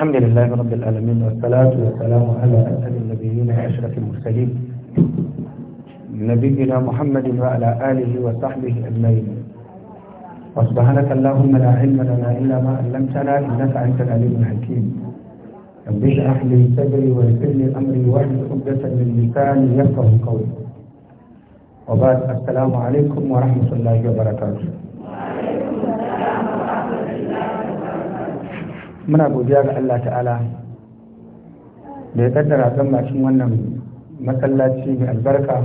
الحمد لله رب العالمين والصلاة والسلام على أسعد النبيين أشرف المرسلين نبينا محمد وعلى آله وصحبه أجمعين وسبحانك اللهم لا علم لنا إلا ما علمتنا إنك أنت العليم الحكيم رب اشرح لي صدري ويسر لي أمري واحلل عقدة من لساني يفقه قولي وبعد السلام عليكم ورحمة الله وبركاته muna godiya ga Allah ta'ala da ya kaddara zan bakin wannan masallaci mai albarka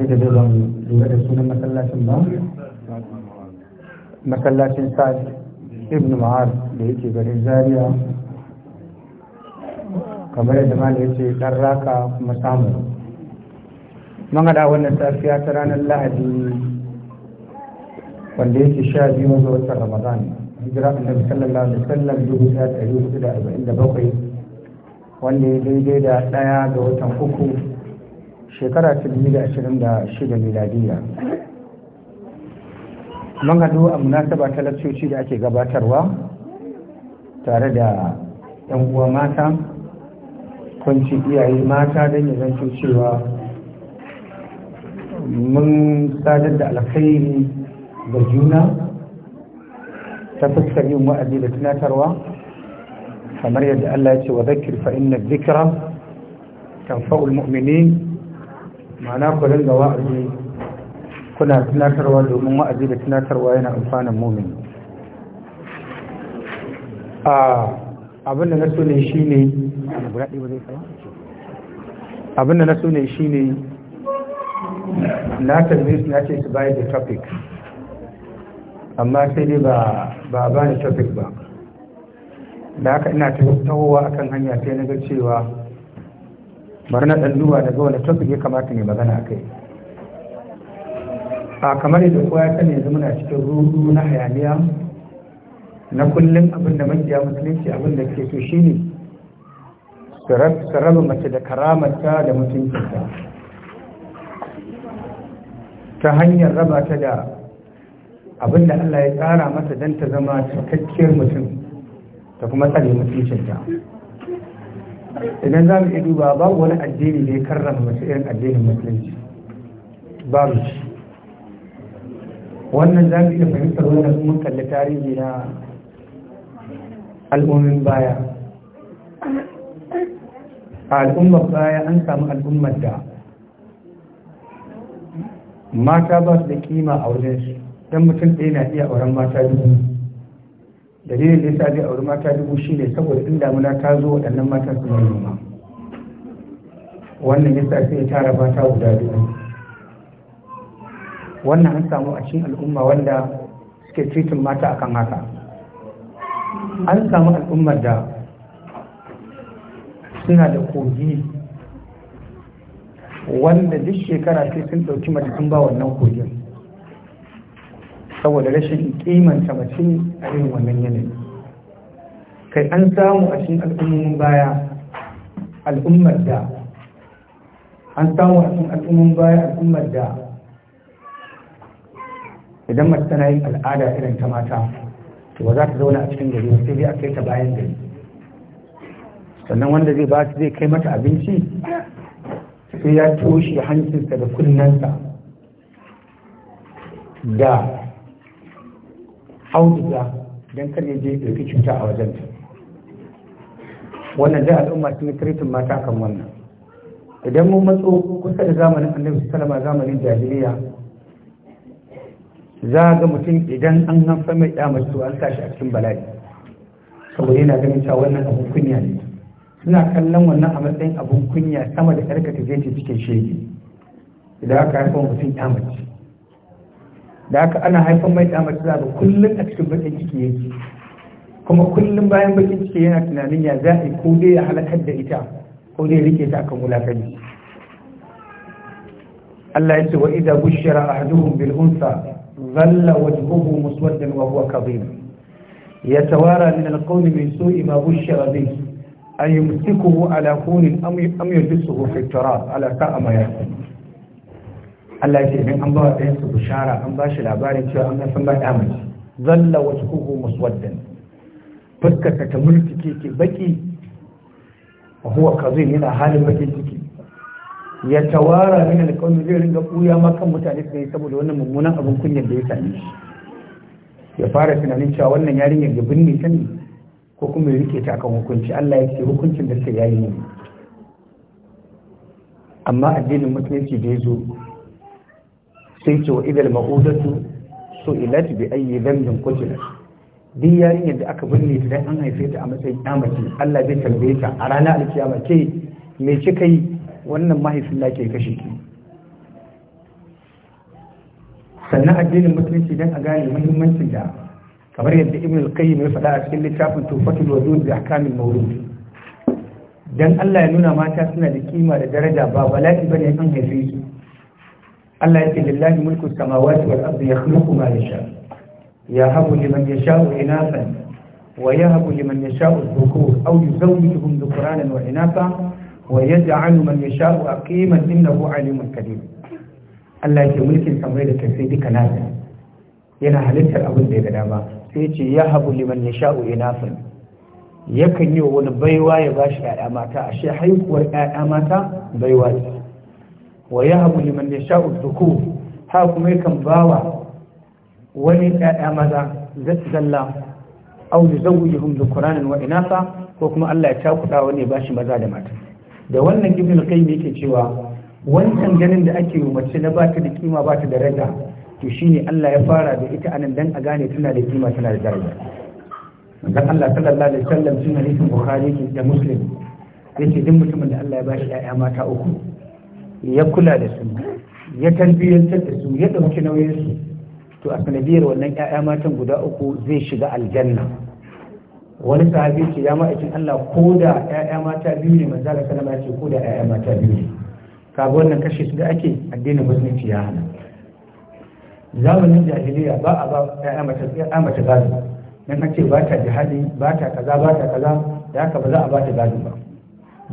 duk da ban lura da sunan masallacin ba masallacin sa'ad ibn ma'ar da yake garin zaria kamar yadda ma da yake dan raka kuma samu mun haɗa wannan safiya ta ranar lahadi wanda yake sha biyu ga watan ramadan hijira annabi sallallahu alaihi wasallam dubu ɗaya ɗari hudu da arba'in da bakwai wanda ya daidai da ɗaya ga watan uku shekara ta biyu da ashirin da shida miladiya mun haɗu a munasaba ta laccoci da ake gabatarwa tare da yan uwa mata kunci iyaye mata don ya zanto cewa mun sadar da alkhairi ga juna ta fuskar yin wa'azi da tunatarwa kamar yadda Allah ya ce wa zakir fa zikira dhikra tanfa'ul mu'minin ma'ana ku dinga wa'azi kuna tunatarwa domin wa'azi da tunatarwa yana amfanin mu'mini a abin da na so ne shine na so ne na tambaye su na ce su bayar da topic amma sai dai ba a bani topic ba da haka ina tahowa akan hanya sai na ga cewa bari na ɗan daga wani topic ya kamata ne magana a kai a kamar yadda kowa ya sani yanzu muna cikin ruru na hayaniya na kullum abin da makiya musulunci abin da ke so shine su raba mace da karamarta da mutuncinta ta hanyar raba ta da abinda Allah ya tsara masa don ta zama cikakkiyar mutum ta kuma tsare mutuncinta idan za mu iya duba babu wani addini da ya karrama mace irin addinin musulunci babu shi wannan za mu iya fahimtar wannan mun kalli tarihi na al'ummin baya a al'ummar baya an samu al'ummar da mata ba su da kima a wajen su don mutum ɗaya na iya auren mata dubu dalilin da yasa zai auri mata dubu ne saboda in damuna ta zo waɗannan mata su ne noma wannan yasa sai tara mata guda dubu wannan an samu a cikin al'umma wanda suke titin mata akan haka an samu al'ummar da suna da kogi wanda duk shekara sai sun ɗauki mace sun ba wannan kogin saboda rashin kimanta mace a irin wannan yanayi kai an samu a cikin al'ummomin baya al'ummar da an samu a cikin al'ummomin baya al'ummar da idan mace tana yin al'ada irin ta mata to ba za ta zauna a cikin gari sai dai a kai ta bayan gari sannan wanda zai ba zai kai mata abinci sai ya toshe hancinsa da kunnensa da auduga don kar ya je ɗauki cuta a wajenta wannan da al'umma sun kiritin mata kan wannan idan mun matso kusa da zamanin annabi sallama zamanin jahiliya za ga mutum idan an hanfa mai damar su an sashi a cikin bala'i saboda yana ganin cewa wannan abun kunya ne suna kallon wannan a matsayin abun kunya sama da karkata zai ta cikin shege idan aka haifa mutum ya da haka ana haifan mai da mace zaɓa kullum a cikin bakin ciki yake kuma kullum bayan bakin ciki yana tunanin ya za a ko dai ya halakar da ita ko dai rike ta akan wulakari Allah ya ce wa idza bushira ahaduhum bil unsa dhalla wajhuhu muswaddan wa huwa kadhib يتوارى من القوم من سوء ما بشر به أن يمسكه على كون أم يدسه في التراب على ساء ما يحكم Allah ya ce idan an ba wa ɗayan su bishara an ba shi labarin cewa an san ba ɗa mace zalla wasu kuhu muswaddan fuskarka ta mulki ke ke baki a huwa zai yana halin baki ciki ya tawara min alƙawmi zai ringa ɓuya ma kan mutane su yi saboda wannan mummunan abin kunyar da ya same shi ya fara tunanin cewa wannan yarinyar da binne ta ne ko kuma ya rike ta akan hukunci Allah ya ce hukuncin da suka yayi ne amma addinin musulunci da ya zo sai ce wa idal ma'udatu so ilat bi ayi dhanbin qutilat duk yarinyar da aka binne ta dan an haife ta a matsayin kyamace Allah zai tambaye ta a ranar alkiyama ke me kika yi wannan mahaifin da ke kashe ki sannan addinin musulunci dan a gane muhimmancin da kamar yadda ibn al-qayyim ya faɗa a cikin littafin tufatul wadud bi ahkamil mawlud dan Allah ya nuna mata suna da kima da daraja ba bala'i bane an haife su Allah ya ce lillahi mulku samawati wal ardi yakhluqu ma yasha yahabu liman yasha'u inathan wa yahabu liman yasha'u dhukur aw yuzawwijuhum dhukranan wa inatha wa yaj'alu man yasha'u aqiman innahu alimun kadir Allah ya ce mulkin samai da kasai duka nasa yana halittar abin da ya ga dama sai ya ce yahabu liman yasha'u inathan yakan yi wa wani baiwa ya bashi shi ‘ya'ya mata ashe haihuwar ‘ya'ya mata baiwa ce wa yahbu liman yasha'u dhukur ha kuma yakan bawa wani ɗaya maza zalla au yuzawwijuhum dhukuranan wa inasa ko kuma Allah ya cakuɗa wani ya bashi maza da mata da wannan kai ne yake cewa wancan ganin da ake yi mace na bata da kima bata da daraja to shine Allah ya fara da ita anan dan a gane tana da kima tana da daraja dan Allah sallallahu alaihi wasallam cikin hadisin Bukhari da Muslim yace duk mutumin da Allah ya bashi ƴaƴa mata uku ya kula da su ya tarbiyyantar da su ya ɗauki nauyin su to a sanadiyar wannan ƴaƴa matan guda uku zai shiga aljanna wani sahabi ce ya ma'aikin Allah ko da ƴaƴa mata biyu ne manzo Allah sallama ya ce ko da ƴaƴa mata biyu ne kaga wannan kashe su da ake addinin musulunci ya hana zamanin jahiliya ba a ba ƴaƴa mata ƴaƴa mata gado dan ce ba ta jihadi ba ta kaza ba ta kaza da haka ba za a ba ta gado ba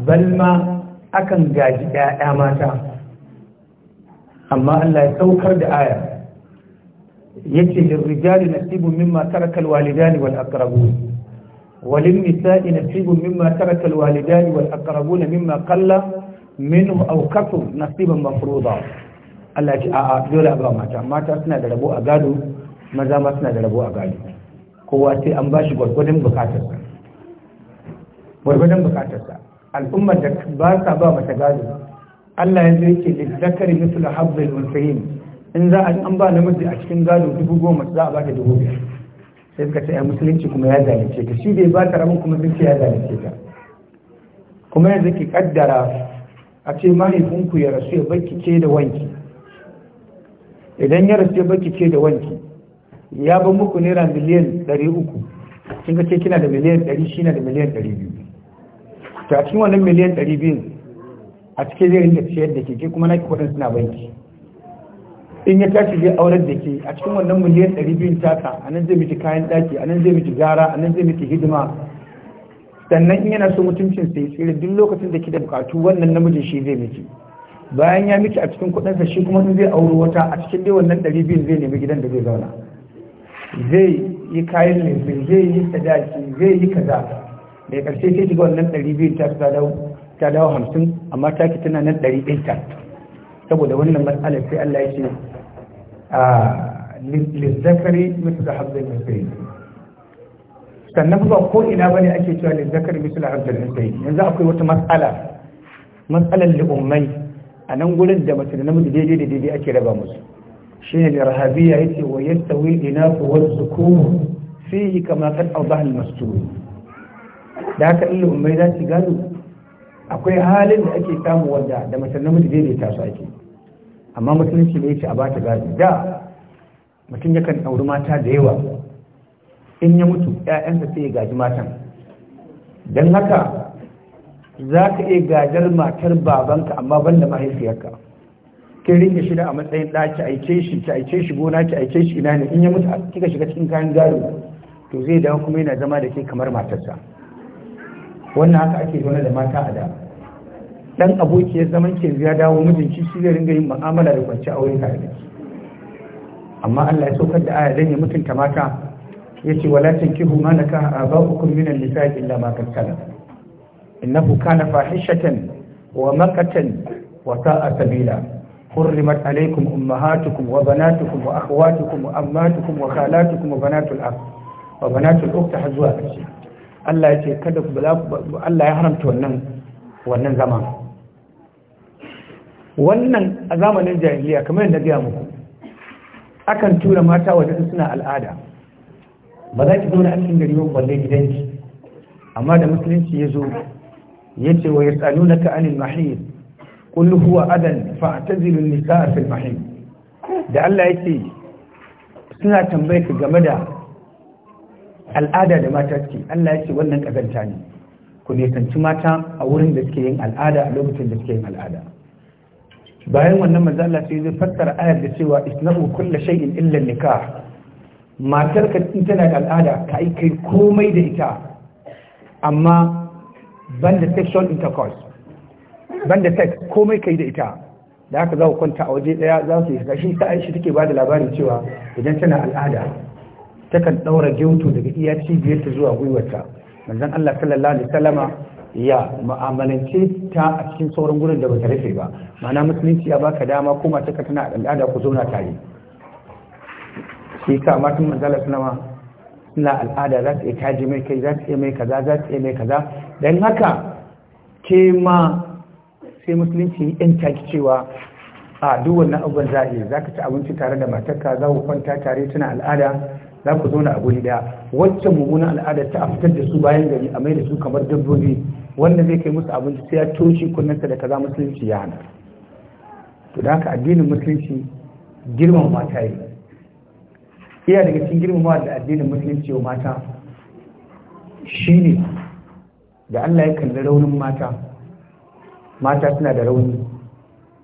balma akan gaji ɗaya mata amma Allah ya saukar da aya yace na nasibun mimma tarakal walidani wal aqrabun walin nisa'i nasibun mimma tarakal walidani wal aqrabun mimma qalla minhu aw kathu nasiban mafruḍa Allah ce a'a dole a ba mata mata suna da rabo a gado maza ma suna da rabo a gado kowa sai an bashi gwargwadon bukatarsa gwargwadon bukatarsa al'ummar da ba sa ba mata gado Allah ya zai ce lizzakari mislu habbil unsayin in za a an ba namiji a cikin gado dubu goma za a ba ta dubu biyar sai suka ce ai musulunci kuma ya zalunce ta shi bai ba ta rabin kuma sun ce ya zalunce ta kuma yanzu ki kaddara a ce mahaifinku ya rasu ya baki ke da wanki idan ya rasu ya baki ke da wanki ya ban muku naira miliyan 300 kin ga ce kina da miliyan 100 shi na da miliyan 200 ta cikin wannan miliyan ɗari biyu a cikin zai rinka ciyar da ke kuma na kudin suna banki in ya tashi zai aurar da ke a cikin wannan miliyan ɗari biyun taka a nan zai miki kayan ɗaki a nan zai miki gara a nan zai miki hidima sannan in yana so mutuncin sai tsira duk lokacin da ke da bukatu wannan namijin shi zai miki bayan ya miki a cikin kuɗinsa shi kuma in zai auri wata a cikin dai wannan ɗari zai nemi gidan da zai zauna zai yi kayan lefe zai yi sadaki zai yi kaza da karshe sai shiga wannan ɗari biyu ta ta dawo hamsin amma ta ki tana nan ɗari ɗin ta saboda wannan matsalar sai Allah ya ce a ah, lizzakari mutu da hamsin musayi sannan ba ko ina bane ake cewa lizzakari mutu da hamsin musayi yanzu akwai wata matsala matsalar li'ummai a nan gurin da mace da namiji daidai da daidai ake raba musu rahabiya ya ce wa yastawi inafu wa zukuru yi kama kad awdaha al turu da haka illa ummai za su gano. akwai halin da ake samu wanda da mace namiji bai su ake amma musulunci ne yace a ba ta gado da mutum yakan ɗauri mata da yawa in ya mutu 'ya'yansa sai ya gaji matan don haka za ka iya gajar matar babanka amma ban da mahaifiyarka kin rike shi da a matsayin da ki aike shi ki aike shi gona ki aike shi ina ne in ya mutu kika shiga cikin kayan gado to zai dawo kuma yana zama da ke kamar matarsa wannan haka ake zaune da mata a da dan aboki ya zaman ke ya dawo mijin shi shi zai ringa yin mu'amala da kwanci aure tare amma Allah ya saukar da aya dan ya mutunta mata yace wala tankihu ma naka aba'ukum min an-nisa'i illa ma qad innahu kana fahishatan wa maqatan wa sa'a sabila حرمت عليكم أمهاتكم وبناتكم وأخواتكم وأماتكم وخالاتكم وبنات الأخ وبنات الأخت حزوها Allah ya ce kada ku Allah ya haramta wannan wannan zaman wannan a zamanin jahiliya kamar yadda gaya muku akan tura mata waje suna al'ada ba za ki zauna a cikin gari ba balle gidanki amma da musulunci ya zo ya ce wa yasalunaka anil mahid qul huwa adan fa'tazilu an-nisaa fil mahid da Allah yake suna tambayar game da al'ada da mata suke Allah ya ce wannan kazanta ne ku nisanci mata a wurin da suke yin al'ada a lokacin da suke yin al'ada bayan wannan manzo Allah sai zai fassara ayar da cewa isnabu kullu shay'in illa nikah matar ka in tana da al'ada ka yi kai komai da ita amma banda sexual intercourse banda sex komai kai da ita da haka za ku kwanta a waje daya za su yi shi ta aishi take ba da labarin cewa idan tana al'ada takan daura gyautu daga iya cibiyarta zuwa gwiwarta manzan Allah sallallahu alaihi wasallama ya mu'amalance ta a cikin sauran gurin da ta rufe ba ma'ana musulunci ya baka dama kuma taka tana al'ada ku zauna tare shi ka matan manzala sunama suna al'ada za su iya taji mai kai za su iya mai kaza za su iya mai kaza don haka ke ma sai musulunci yan taki cewa a duk wannan abubuwan za a iya za ka ci abinci tare da matarka za ku kwanta tare tana al'ada za ku zauna a guri daya waccan mummunan al'adar ta a fitar da su bayan gari a mai da su kamar dabbobi wanda zai kai musu abinci sai ya toshe kunnensa da kaza musulunci ya hana to da haka addinin musulunci girmama mata yi iya daga cikin girmama da addinin musulunci wa mata shine da Allah ya kalli raunin mata mata suna da rauni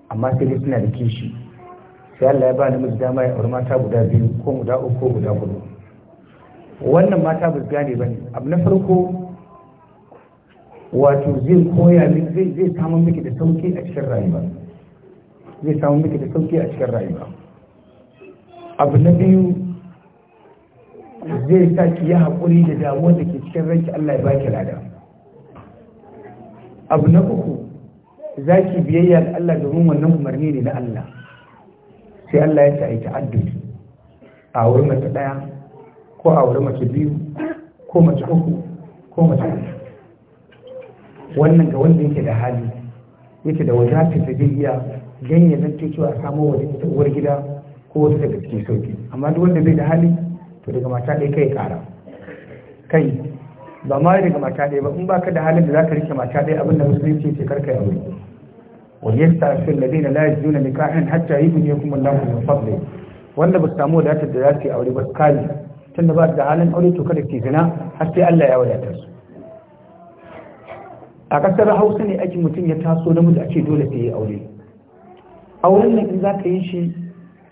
amma sai dai suna da kishi sai Allah ya ba miji dama ya aure mata guda biyu ko guda uku ko guda hudu wannan mata ba su gane ba ne abu na farko wato zai koya min zai zai samu miki da sauki a cikin rayuwa zai samu miki da sauki a cikin rayuwa abu na biyu zai sa ki yi haƙuri da damuwar da ke cikin ranki Allah ya baki lada abu na uku za ki biyayya da Allah domin wannan umarni ne na Allah sai Allah ya ce a yi a wuri mace ɗaya ko a wuri mace biyu ko mace uku ko mace uku wannan ga wanda yake da hali yake da wadatar da zai iya ganye zan ce cewa wani wata uwar gida ko wata daga cikin sauki amma duk wanda bai da hali to daga mata ɗaya kai ƙara kai ba ma daga mata ɗaya ba in ba ka da halin da za ka rike mata ɗaya abin da musulunci ce karka yi wuri وليستعفر الذين لا يجدون نكاحا حتى يغنيكم الله من فضله wanda ba su samu wadatar da za su yi aure ba kari tun da ba da halin aure to kada ke zina har sai Allah ya wadatar a kasar hausa ne aikin mutum ya taso namiji ake dole sai ya aure auren nan in za ka yi shi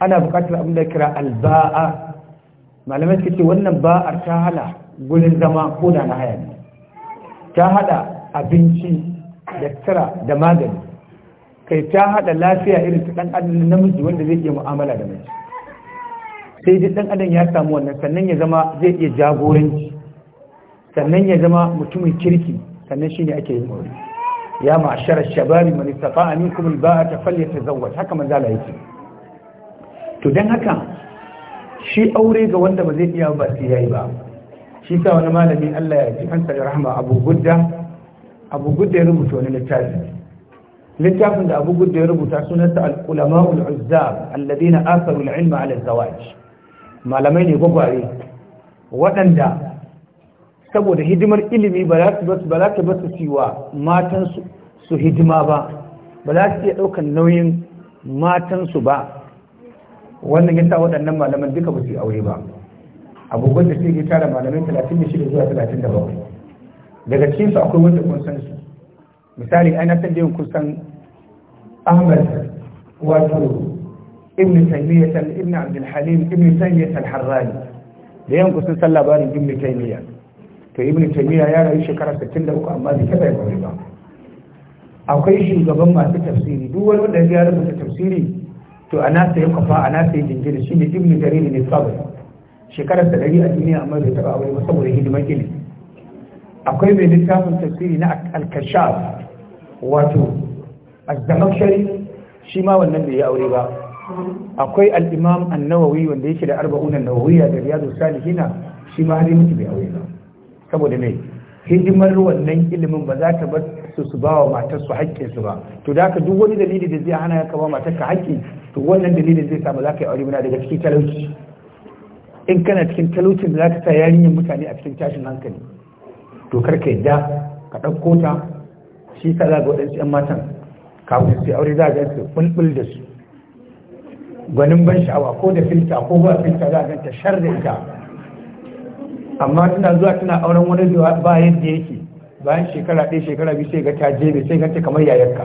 ana buƙatar abin da kira alba'a malamai suka ce wannan ba'ar ta hana gurin zama ko da na haya ne ta haɗa abinci da da magani kai ta haɗa lafiya irin ta ɗan adam namiji wanda zai iya mu'amala da mace sai dai ɗan adam ya samu wannan sannan ya zama zai iya jagoranci sannan ya zama mutumin kirki sannan shine ake yin aure ya ma'ashara shababi man ta minkum ta falyatazawwaj haka manzala yake to dan haka shi aure ga wanda ba zai iya ba sai yayi ba shi sa wani malami Allah ya ji kansa da rahma Abu Gudda Abu Gudda ya rubuta wani littafi littafin da abu gudda ya rubuta sunanta al-ulama'ul uzzab alladhina atharu al-ilma ala zawaj malamai ne gwagware waɗanda saboda hidimar ilimi ba za ta basu su basu siwa matan su hidima ba ba za su iya ɗaukar nauyin matansu ba wannan sa waɗannan malaman duka ba su yi aure ba abubuwan da ya tara malamai 36 zuwa 37 daga cikinsu akwai wanda kun san su misali ana san da kusan ahmad wato ibn San ibn abdul halim ibn taymiyyah al-harrani da yan kusan san labarin ibn taymiyyah to ibn taymiyyah ya rayu shekara 63 amma bai taba yi ba akwai shugaban masu tafsiri duk wani wanda ya rubuta tafsiri to ana sai kafa ana sai jingiri shine ibn jarir ne sabr shekarar da dari a duniya amma bai taba aure ba saboda hidimar ilimi akwai mai littafin tafsiri na al-kashaf wato az shari shi ma wannan bai yi aure ba akwai al'imam imam an-nawawi wanda yake da arba'unan an-nawawiyya da riyadus salihina shi ma har mutu bai aure ba saboda me hidimar wannan ilimin ba za ta bar su su ba wa matar su su ba to da haka duk wani dalili da zai hana ka ba matar ka haƙƙi to wannan dalilin zai samu za ka yi aure muna daga cikin talauci in kana cikin talaucin da za ka sa yarinyar mutane a cikin tashin hankali to kar ka yadda ka ɗauko ta shi ka za ga waɗansu 'yan matan kafin su aure za ga su bulbul da su gwanin ban sha'awa ko da filta ko ba filta za a ganta shar da ita amma tana zuwa tana auren wani da ba yadda yake bayan shekara ɗaya shekara biyu sai ga ta je sai ta kamar yayarka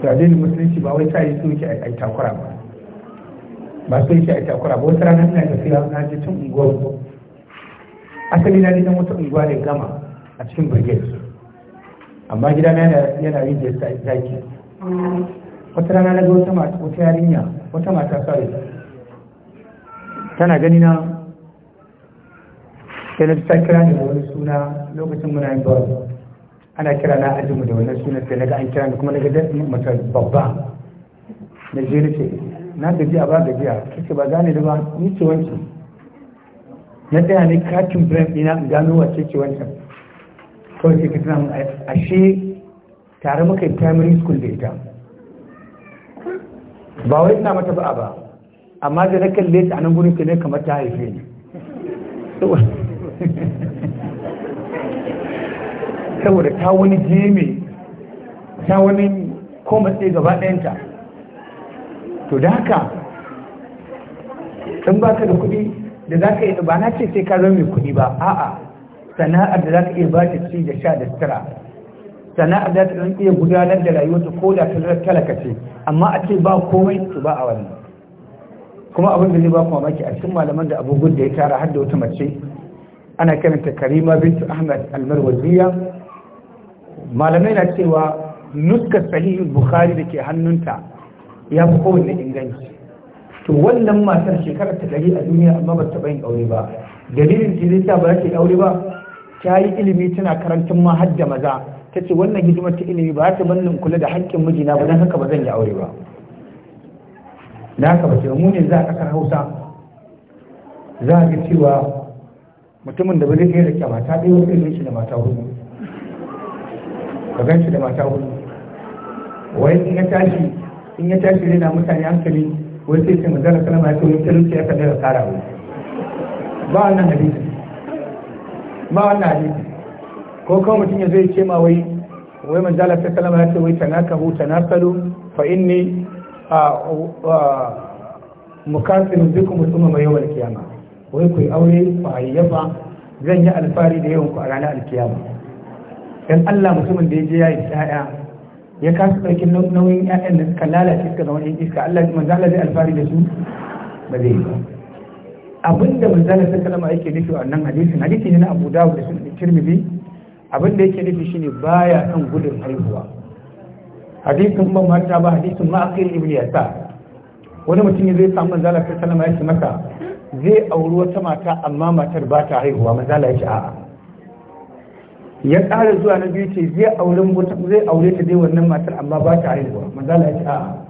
tsadin musulunci ba wai ta yi su ke a takura ba ba su ke a takura ba wata rana ina tafiya na je tun unguwar asali na je wata unguwa ne gama a cikin brigade amma gidana yana yin da zaki wata rana na ga wata yarinya wata mata sorry tana gani na sai na ta kira ne da wani suna lokacin muna yin bawa ana kira na ajinmu da wannan suna sai na ga an kira ne kuma naga dadi mata babba na je na ce na gajiya ba gajiya kake ba gane da ba ni ce wancan na tsaya ne katin brand ina gano wace ce wancan kawai sai ka tuna ashe tare muka yi primary school da ita ba wai ina mata ba'a ba amma da na kalle ta a nan gurin ne kamar ta haife ni saboda ta wani jeme ta wani tsaye gaba ɗayanta to da haka in baka da kuɗi da za ka yi ba na ce sai ka zama mai kuɗi ba a'a sana'ar da za ka iya ba ta ci da sha da sutura sana'ar da za ta iya gudanar da rayuwarta ko da ta talaka ce amma a ce ba komai su ba a wannan kuma abin da zai ba kuma maki a cikin malaman da abubuwan da ya tara har da wata mace ana karanta karima bintu ahmad almarwaziya malamai na cewa nuskar sahihul bukhari da ke hannunta ya fi kowanne inganci to wannan matar shekarar ta gari a duniya amma ba ta bayin aure ba dalilin ki zai sa ba ta aure ba ta yi ilimi tana karantun ma da maza ta ce wannan hidimar ta ilimi ba ta bannin kula da haƙƙin mijina ba don haka ba zan yi aure ba da haka ba ce mu ne za a ƙasar hausa za a ga cewa mutumin da ba zai kai da mata ɗaya wani zai shi da mata hudu ka gan shi da mata hudu wai in ya tashi in ya tashi na mutane hankali wai sai ce zara kalama ya ce wani talauci ya kan da ƙara ba wannan hadisi Ma wannan hadisi ko kawai mutum ya zai ce ma wai wai manzo ta kalama ya ce wai tanakahu tanakalu fa inni mukasin duk thumma mai yawmal kiyama wai ku aure ku hayyafa zan yi alfari da yawan ku a ranar alkiyama dan Allah mutumin da ya je ya yi ya'ya ya kasa ɗauki nauyin 'ya'yan da suka lalace suka zama iska Allah manzo Allah zai alfari da su ba zai yi ba abinda manzala ta kalama yake nufi a nan hadisin hadisi ne na abu dawud da sunan tirmidhi abinda yake nufi shine baya kan gudun haihuwa hadisin ban mata ba hadisin ma'aqil ibn yasa wani mutum zai samu manzala ta kalama yake maka zai auri wata mata amma matar ba ta haihuwa manzala yake a'a ya ƙara zuwa na biyu ce zai aure ta dai wannan matar amma ba ta haihuwa manzala yake a'a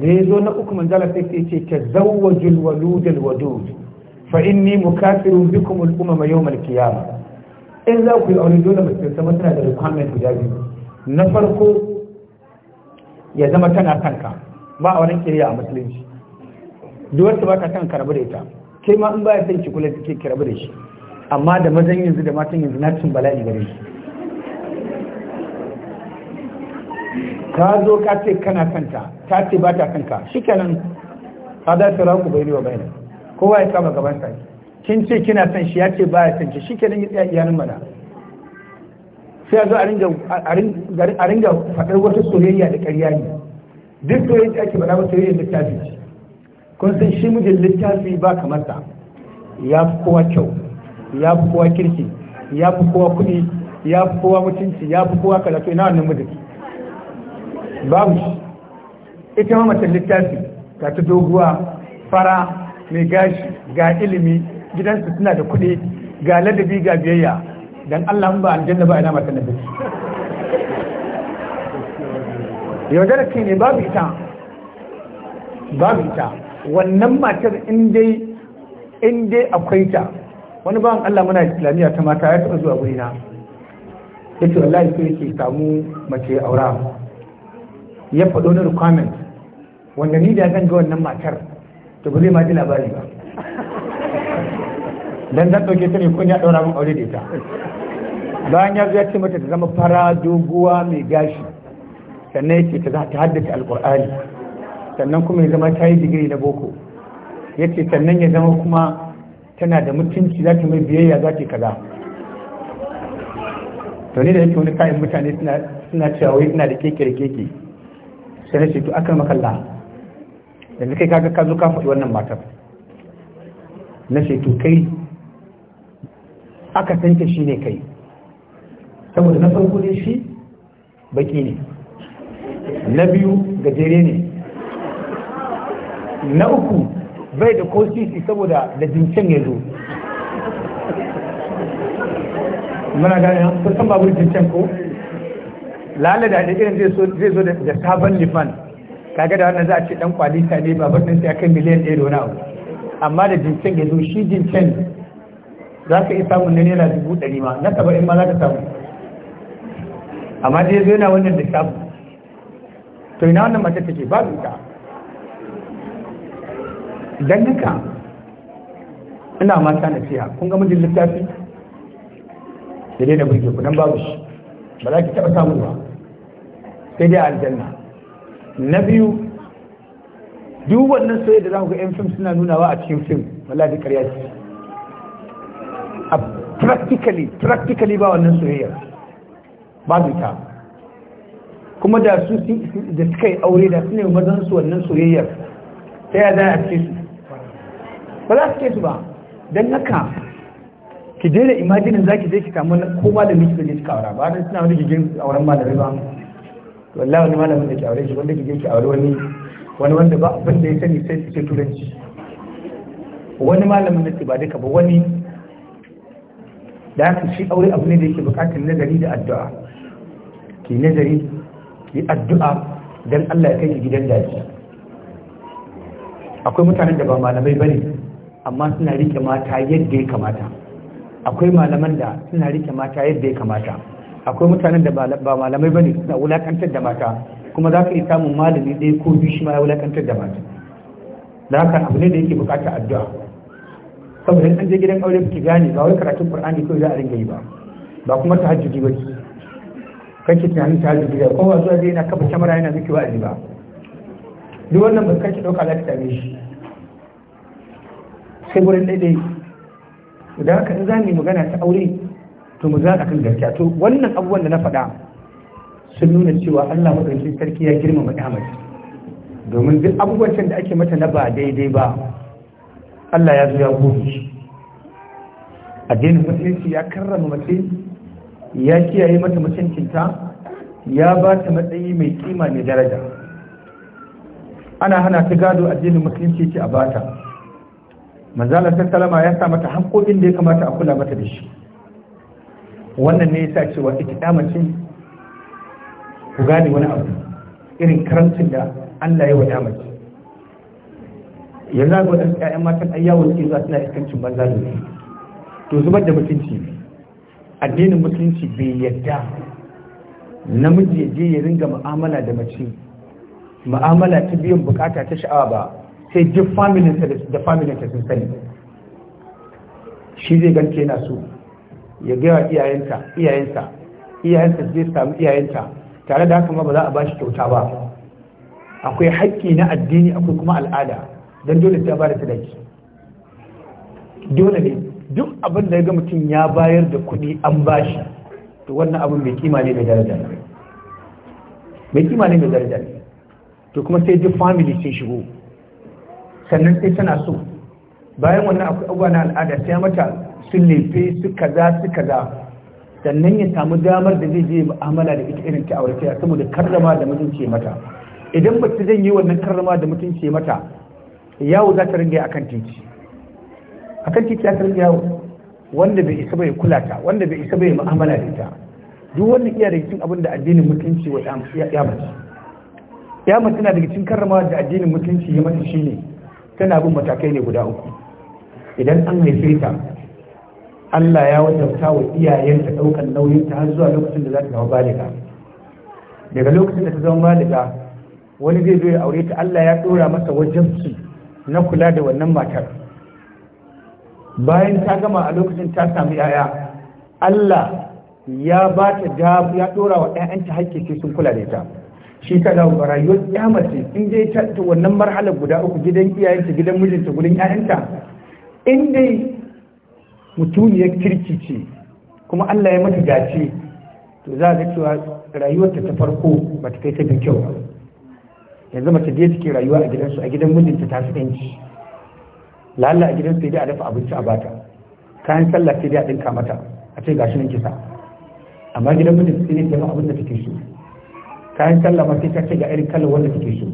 da ya zo na uku manzala sai ce ta zawwajul waludul wadud fa inni mukafirun bikum al umam yawm al-qiyamah in za ku yi aure dole mace ta tana da requirement guda biyu na farko ya zama tana kanka ba a wani kiriya a musulunci duk wacce ba kan karbi da ita kai ma in ba ya san ki kula take karbi da shi amma da mazan yanzu da matan yanzu na cin bala'i gare shi ka zo ka ce kana kanta ta ce ba ta kanka shikenan hada ku bai bai bayanin kowa ya kama gaban sa kin ce kina son shi ya ce ba ya son shi shi kenan ya tsaya iyanin mana sai a zo a ringa faɗar wata soyayya da ƙarya ne duk soyayya da ake bada ba soyayyar littafi ce kun san shi mijin littafi ba kamar sa ya fi kowa kyau ya fi kowa kirki ya fi kowa kuɗi ya fi kowa mutunci ya fi kowa karatu ina wannan mijin babu shi ita ma mace littafi ta ta doguwa fara mai gashi ga ilimi gidansu suna da kuɗi ga ladabi ga biyayya don Allah ba aljanna ba ina mata nabi yaudar kai ne babu ita babu ita wannan matar in dai akwai ta wani bawan Allah muna islamiyya ta mata ya taɓa zuwa gurina ya ce wallahi ko yake samu mace aura ya faɗo na requirement wanda ni da zan ga wannan matar to ba zai ma ji labari ba dan zan dauke ta ne kun ya daura mun aure da ita bayan ya ce mata ta zama fara doguwa mai gashi sannan ya ce ta ta haddace alkur'ani sannan kuma ya zama ta yi digiri na boko ya ce sannan ya zama kuma tana da mutunci za ta mai biyayya za ta kaza to ni da yake wani kayan mutane suna cewa wai suna da keke da keke sai na ce to akan makalla yanzu kai kaga ka zo ka faɗi wannan matar na ce to kai aka sanke shi ne kai saboda na farko ne shi baki ne na biyu gajere ne na uku bai da kosisi saboda da jincin ya zo muna gane kun san babur jincin ko lalada da irin zai zo da sabon lifan kaga da wannan za a ce dan kwalita ne ba bar sai kai miliyan ɗaya da wani abu amma da jinsen ya zo shi jinsen za ka iya samun na naira dubu ɗari ma na taba in ma za ka samu amma dai zo yana wannan da samu to ina wannan mace take ba duka dan duka ina sa na fiya kun ga mijin littafi da dai da burge ku nan babu shi ba za ki taɓa samu ba sai dai a aljanna na biyu duk wannan soyayya da za ku ga 'yan fim suna nunawa a cikin fim wallahi ƙarya ce a practically practically ba wannan soyayya babu ta kuma da su da suka yi aure da su ne mazan su wannan soyayyar ta ya za a ce su ba za su ce su ba don haka ki je da imajinin za ki je ki samu koma da miki da ne ki kawara ba don suna wani gigin auren ma da riba Walla wani malamin da ke aure shi wanda ke ki aure wani wani wanda ba abin da ya sani sai su ce turanci wani malamin da ke ba duka ba wani da haka shi aure abu ne da yake bukatar nazari da addu'a ki nazari ki addu'a don Allah ya kai gidan daji akwai mutanen da ba malamai bane amma suna rike mata yadda ya kamata akwai malaman da suna rike mata yadda ya kamata akwai mutanen da ba malamai bane suna wulakantar da mata kuma za ka yi samun malami ɗaya ko biyu shi ma ya wulakantar da mata da haka abu ne da yake bukata addu'a saboda an je gidan aure ki gane ba wai karatun qur'ani kawai za a ringa yi ba ba kuma tahajjudi ba ki kake tunanin tahajjudi ba kowa zuwa zai yana kafa kyamara yana miki wa'azi ba duk wannan ba kake dauka za ka same shi sai gurin daidai da haka in za mu magana ta aure to mu zaɗa kan gaskiya to wannan abubuwan da na faɗa sun nuna cewa Allah madaukakin sarki ya girmama Ahmad domin duk abubuwan da ake mata na ba daidai ba Allah ya zo ya gobe shi addinin musulunci ya karrama mace ya kiyaye mata mutuncinta ya ba ta matsayi mai kima mai daraja ana hana ta gado addinin musulunci ce a bata manzala ta ya sa mata hankokin da ya kamata a kula mata da shi wannan ne yasa cewa ita mace ku gane wani abu irin karancin da Allah ya wada mace yanzu ga wadanda ƴaƴan matan ayyawa suke zuwa suna iskancin banza ne to zubar da mutunci addinin mutunci bai yadda namiji ya je ya ringa mu'amala da mace mu'amala ta biyan bukata ta sha'awa ba sai duk familinsa da familinsa sun sani shi zai ganke yana so ya gaya iyayenta iyayensa iyayensa zai samu iyayenta tare da haka ma ba za a ba shi kyauta ba akwai haƙƙi na addini akwai kuma al'ada don dole ta ba da sadaki dole ne duk abin da ya ga mutum ya bayar da kuɗi an bashi to wannan abin mai kima ne mai daraja ne mai kima ne mai daraja ne to kuma sai duk family sun shigo sannan sai tana so bayan wannan akwai abubuwa na al'ada sai mata su lefe su kaza su kaza sannan ya samu damar da zai je mu'amala da ita irin ta aure saboda karrama da mutunci mata idan ba ta yi wannan karrama da mutunci mata yawo za ta ringa akan titi akan titi za ta ringa yawo wanda bai isa bai kula ta wanda bai isa bai mu'amala da ita duk wanda iya daga cikin abin da addinin mutunci wa ya mace ya mace na daga cikin karrama da addinin mutunci ya mace shine tana bin matakai ne guda uku idan an haife ta Allah ya wajabta wa iyayenta ɗaukar nauyinta har zuwa lokacin da za ta zama baliga daga lokacin da ta zama baliga wani zai zo ya aure ta Allah ya ɗora masa wajabci na kula da wannan matar bayan ta gama a lokacin ta sami yaya Allah ya ba ta da ya ɗora wa 'ya'yanta hakki sai sun kula da ita shi ta da rayuwar ya mace in dai ta wannan marhalar guda uku gidan iyayenta gidan mijinta gudun 'ya'yanta? in dai ya kirki ce kuma Allah ya mata dace to za ga cewa rayuwarta ta farko ba ta kai ta da kyau ba yanzu mace da take rayuwa a gidansu a gidan mijinta ta su ɗanci lalla a gidansu sai a dafa abinci a bata kayan sallah sai a ɗinka mata a ce gashi nan kisa amma gidan mijinta sai ne ta abin da take so kayan sallah ma sai ta ce ga irin kalar wanda take so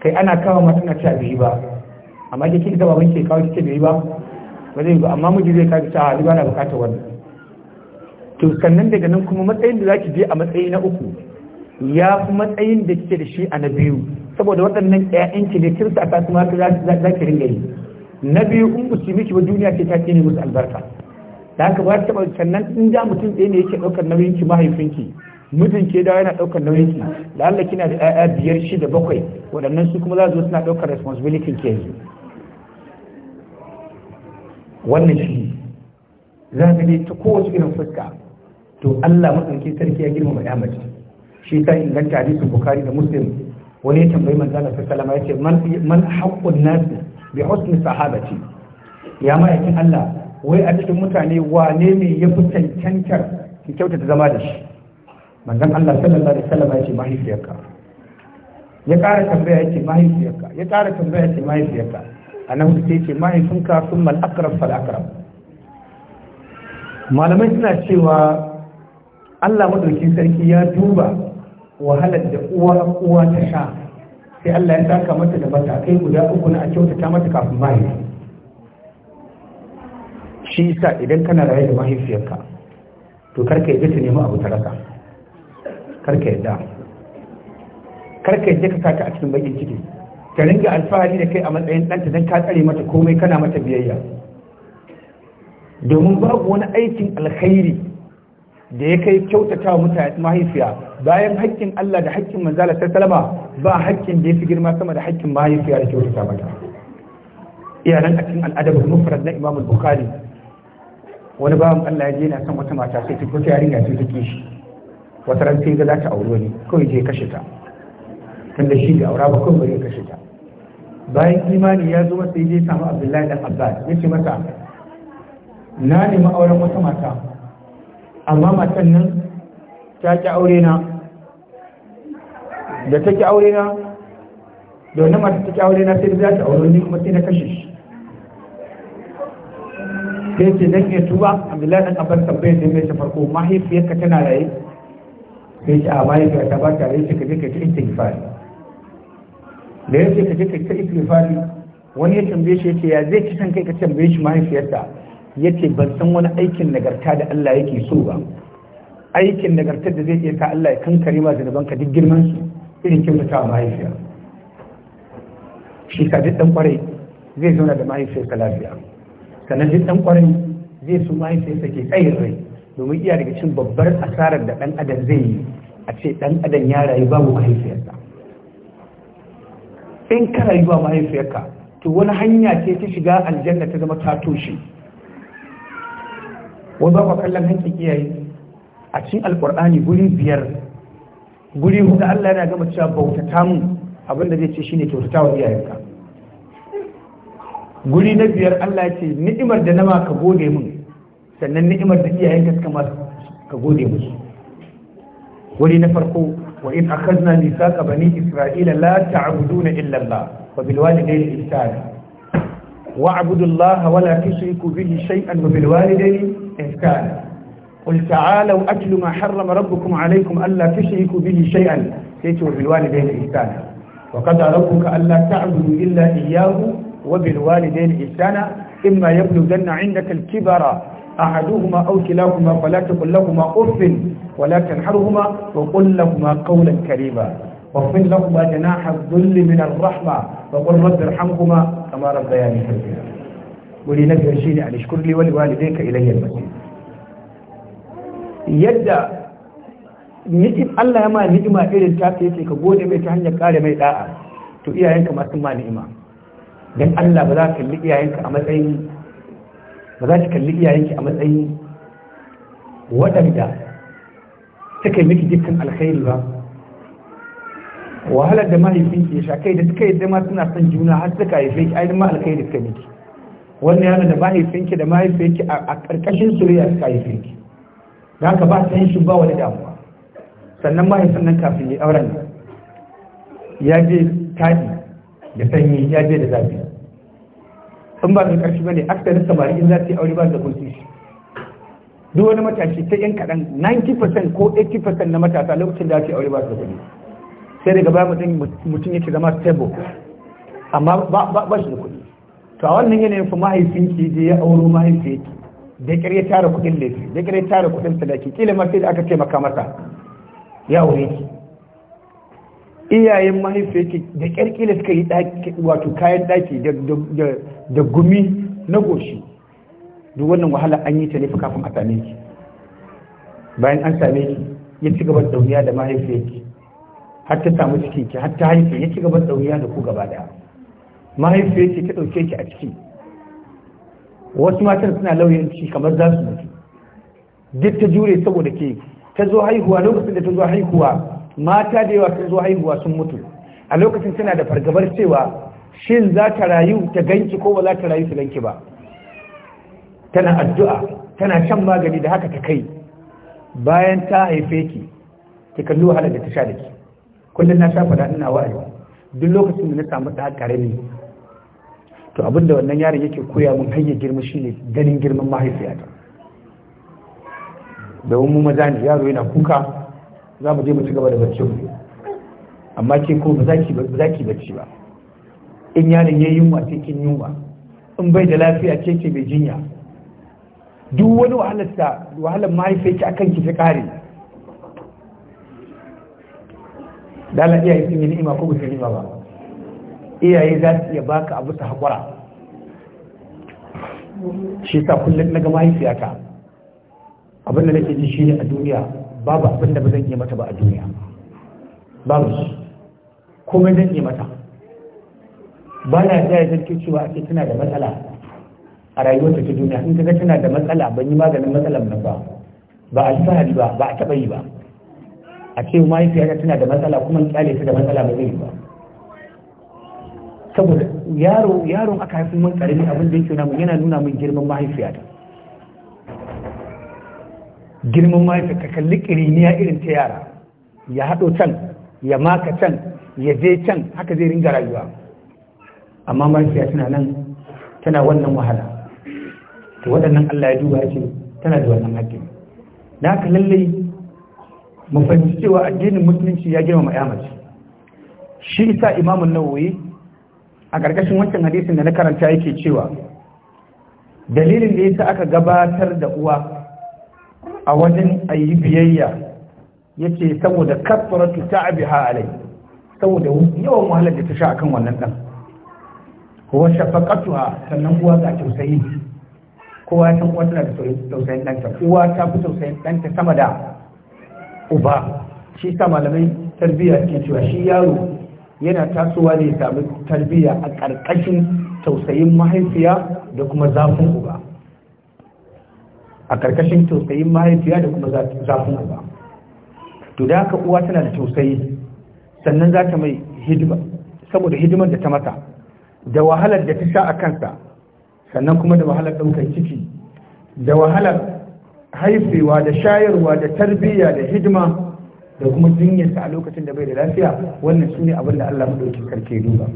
kai ana kawo mata na ci a ba amma kike kika baban ke kawo kike bai ba ba zai ba amma miji zai kaji sa'a ni ba na bukatar wannan to sannan daga nan kuma matsayin da zaki je a matsayi na uku ya fi matsayin da kike da shi a na biyu saboda waɗannan ki ne kirsa a kasu za ki ringa yi na biyu in ku miki ba duniya ce ta ne musu albarka da haka ba ta sannan in ja mutum ɗaya ne yake ɗaukar nauyin ki mahaifinki mijin ke dawo yana ɗaukar nauyin ki da Allah kina da ƴaƴa biyar shida bakwai waɗannan su kuma za su zo suna ɗaukar responsibility ki yanzu wannan shi za ka dai ta kowace irin fuska to Allah madauki sarki ya girmama ya mace shi ta inganta hadisin bukari da muslim wani ya tambayi manzo Allah sallallahu alaihi wasallam ce man haqqun nas bi husni sahabati ya ma'aikin Allah wai a cikin mutane wane ne ya fi cancantar ki kyautata zama da shi manzon Allah sallallahu alaihi wasallam yace mahaifiyarka ya ƙara tambaya yace mahaifiyarka ya ƙara tambaya yace mahaifiyarka a nan sai ce mahaifinka sun mal'akarar fal'akarar malamai suna cewa allah maɗauki sarki ya duba wahalar da uwa uwa ta sha sai allah ya saka mata da kai guda uku na a kyautata mata kafin mahaifi shi sa idan kana raye da mahaifiyarka to karka yadda ta nemi abu talaka karka yadda karka yadda ka sata a cikin bakin ciki ka ringa alfahari da kai a matsayin ɗanta don ka tsare mata komai kana mata biyayya domin babu wani aikin alkhairi da ya kai kyautata wa mutane mahaifiya bayan haƙƙin Allah da haƙƙin manzala ta salama ba haƙƙin da ya fi girma sama da haƙƙin mahaifiya da kyautata mata iyalan a cikin al'adabul mufrad na Imam Bukhari wani babu Allah ya je yana son wata mata sai ta fito yarinya sai ta kishi wata ran sai ga za ta aure ne kawai je kashe ta tunda shi da aura ba kawai bari kashe ta bayan imani ya zo masa yaje samu abdullahi dan abbas yace mata na nemi auren wata mata amma matan nan ta ki aure na da ta ki aure na da wannan mata ta ki aure na sai za ta aure ni kuma sai na kashe shi sai ce zan iya tuba abdullahi dan abbas tambayar da mai ta farko mahaifiyarka tana raye sai ce a mahaifiyarta ba ta raye ce ka je ka ta istighfar da ya ce ka je kai ta ikrifali wani ya tambaye shi yace ya zai ci san kai ka tambaye shi mahaifiyarsa yace ban san wani aikin nagarta da Allah yake so ba aikin nagartar da zai iya sa Allah ya kankare ma zanuban ka duk girman su irin kyautata wa mahaifiya shi ka dan kwarai zai zauna da mahaifiyarsa lafiya sannan duk dan kwarai zai so mahaifiyarsa ke tsayin rai domin iya daga cikin babbar asarar da dan adam zai yi a ce dan adam ya rayu babu mahaifiyarsa in kana yi wa mahaifiyarka to wani hanya ce ta shiga aljanna ta zama ta toshe wani ba kallon hanki iyaye a cikin alkur'ani guri biyar guri hudu Allah yana gama cewa bautata mu abinda zai ce shine kyautata wa iyayenka guri na biyar Allah ce ni'imar da nama ka gode mun sannan ni'imar da iyayenka suka ka gode musu guri na farko وإن أخذنا ميثاق بني إسرائيل لا تعبدون إلا الله وبالوالدين إحسانا واعبدوا الله ولا تشركوا به شيئا وبالوالدين إحسانا قل تعالوا أتل ما حرم ربكم عليكم ألا تشركوا به شيئا سيتوا بالوالدين إحسانا وقد ربك ألا تعبدوا إلا إياه وبالوالدين إحسانا إما يبلغن عندك الكبر أحدهما أو كلاهما فلا تقل لهما أف ولا تنحرهما وقل لهما قولا كريما واغفر لهما جناح الذل من الرحمة وقل رب ارحمهما كما ربياني صغيرا ولنبي أرشيني أن اشكر لي ولوالديك إلي المسجد يدى ni'im Allah ya ma ni'ima irin ta ce ka gode mai ta hanyar kare mai da'a to iyayenka masu ma ni'ima dan Allah ba za ka kalli iyayenka a matsayin ba za ki kalli iyayenki a matsayin waɗanda suka yi miki dukkan alkhairi ba wahalar da mahaifinki ya sha kai da suka yadda ma suna son juna har suka haife ki ainihin alkhairi suka miki wannan yana da mahaifinki da mahaifinki a ƙarƙashin suriya suka haife ki da haka ba ta yin shi ba wani damuwa sannan mahaifin nan kafin ya auren ya je tadi da sanyi ya je da zafi in ba mai ƙarfi bane aksarin samari in za su yi aure ba da kunshi duk wani matashi ta yan kaɗan 90% ko 80% na matasa lokacin da ake aure ba da kuɗi sai daga baya mutum mutum yake zama stable amma ba shi da kuɗi to a wannan yanayin fa mahaifinki je ya auro mahaifiyarki da ƙyar ya tara kuɗin laifi da ƙyar ya tara kuɗin sadaki kila ma sai da aka taimaka masa ya aure ki iyayen mahaifiyarki da kyarkila suka yi wato kayan daki da gumi na goshi duk wannan wahala an yi ta ne kafin a same ki bayan an same ki ya ci gaba wuya da mahaifiyarki har ta samu cikin ki har ta haifi ya ci gaba wuya da ku gaba daya mahaifiyarki ta dauke ki a ciki wasu matan suna lauyanci kamar za su mutu duk ta jure saboda ke ta zo haihuwa lokacin da ta zo haihuwa mata da yawa sun zo haihuwa sun mutu a lokacin suna da fargabar cewa shin za ta rayu ta ganki ko ba za ta rayu su ganki ba tana addu'a tana shan magani da haka ta kai bayan ta haife ki ki kalli wahala da ta sha da ki kullum na sha fada ina wa'azi duk lokacin da na samu ɗa ƙarami to abinda wannan yaron yake koya mun hanyar girma shine ganin girman mahaifiyata da mu maza ne yaro yana kuka za mu je mu ci gaba da baccin mu amma ke ko ba za ki bacci ba in yaron ya yunwa ce kin yunwa in bai da lafiya ce ke mai jinya duk wani wahalarsa wahalar mahaifai ki akan ki ta kare dala iyaye sun yi ni'ima ko bisa ni'ima ba iyaye za su iya baka abu ta haƙura shi sa kullum na ga mahaifiyata abin da nake ji shi ne a duniya babu abin da ba zan iya mata ba a duniya babu shi komai zan iya mata ba na da ya zarki cewa ake tana da matsala a rayuwarta ta duniya in ka ga tana da matsala ban yi maganin matsalar nan ba ba alfahari ba ba a taɓa yi ba a ce mahaifiyarta tana da matsala kuma kyale ta da matsala ba zai yi ba saboda yaro yaron aka haifi mun karami abin da yake nuna mun yana nuna mun girman mahaifiyata girman mahaifa ka kalli ƙiriniya irin ta yara ya haɗo can ya maka can ya je can haka zai ringa rayuwa amma mahaifiya tana nan tana wannan wahala to waɗannan Allah ya duba ce tana da wannan haƙƙi Na ka lallai mu fahimci cewa addinin musulunci ya girmama ya shi isa imamun nawoyi a ƙarƙashin wancan hadisin da na karanta yake cewa dalilin da yasa aka gabatar da uwa a wajen ayi biyayya yace saboda ta abi ha'alai saboda yawan wahalar da ta sha akan wannan kowa wa shafaqatuha sannan uwa ga tausayi kowa ya san uwa tana da tausayin ɗanta uwa ta fi tausayin ɗanta sama da uba shi sa malamai tarbiyya ke cewa shi yaro yana tasowa ne ya sami tarbiyya a ƙarƙashin tausayin mahaifiya da kuma zafin uba a ƙarƙashin tausayin mahaifiya da kuma zafin uba to da haka uwa tana da tausayi sannan za ta mai hidima saboda hidimar da ta mata da wahalar da ta sha a kansa sannan kuma da wahalar ɗaukar ciki da wahalar haifewa da shayarwa da tarbiyya da hidima da kuma jinyarsa a lokacin da bai da lafiya wannan su ne abin da Allah maɗauki karke duba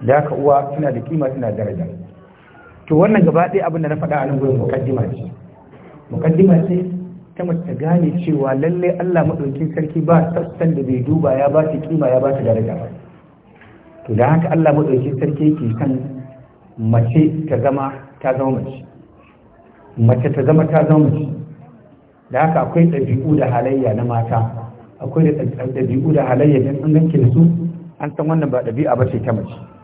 da haka uwa tana da kima tana daraja to wannan gaba ɗaya abin da na faɗa a nan gudun mukaddima ce mukaddima ce ta mace gane cewa lalle Allah maɗaukin sarki ba sassan da bai duba ya ba ta kima ya ba ta daraja ba to da haka Allah maɗaukin sarki yake kan mace ta zama ta zama mace mace ta zama ta zama mace da haka akwai ɗabi'u da halayya na mata akwai da ɗabi'u da halayya don an ganke da su an san wannan ba ɗabi'a ba ce ta mace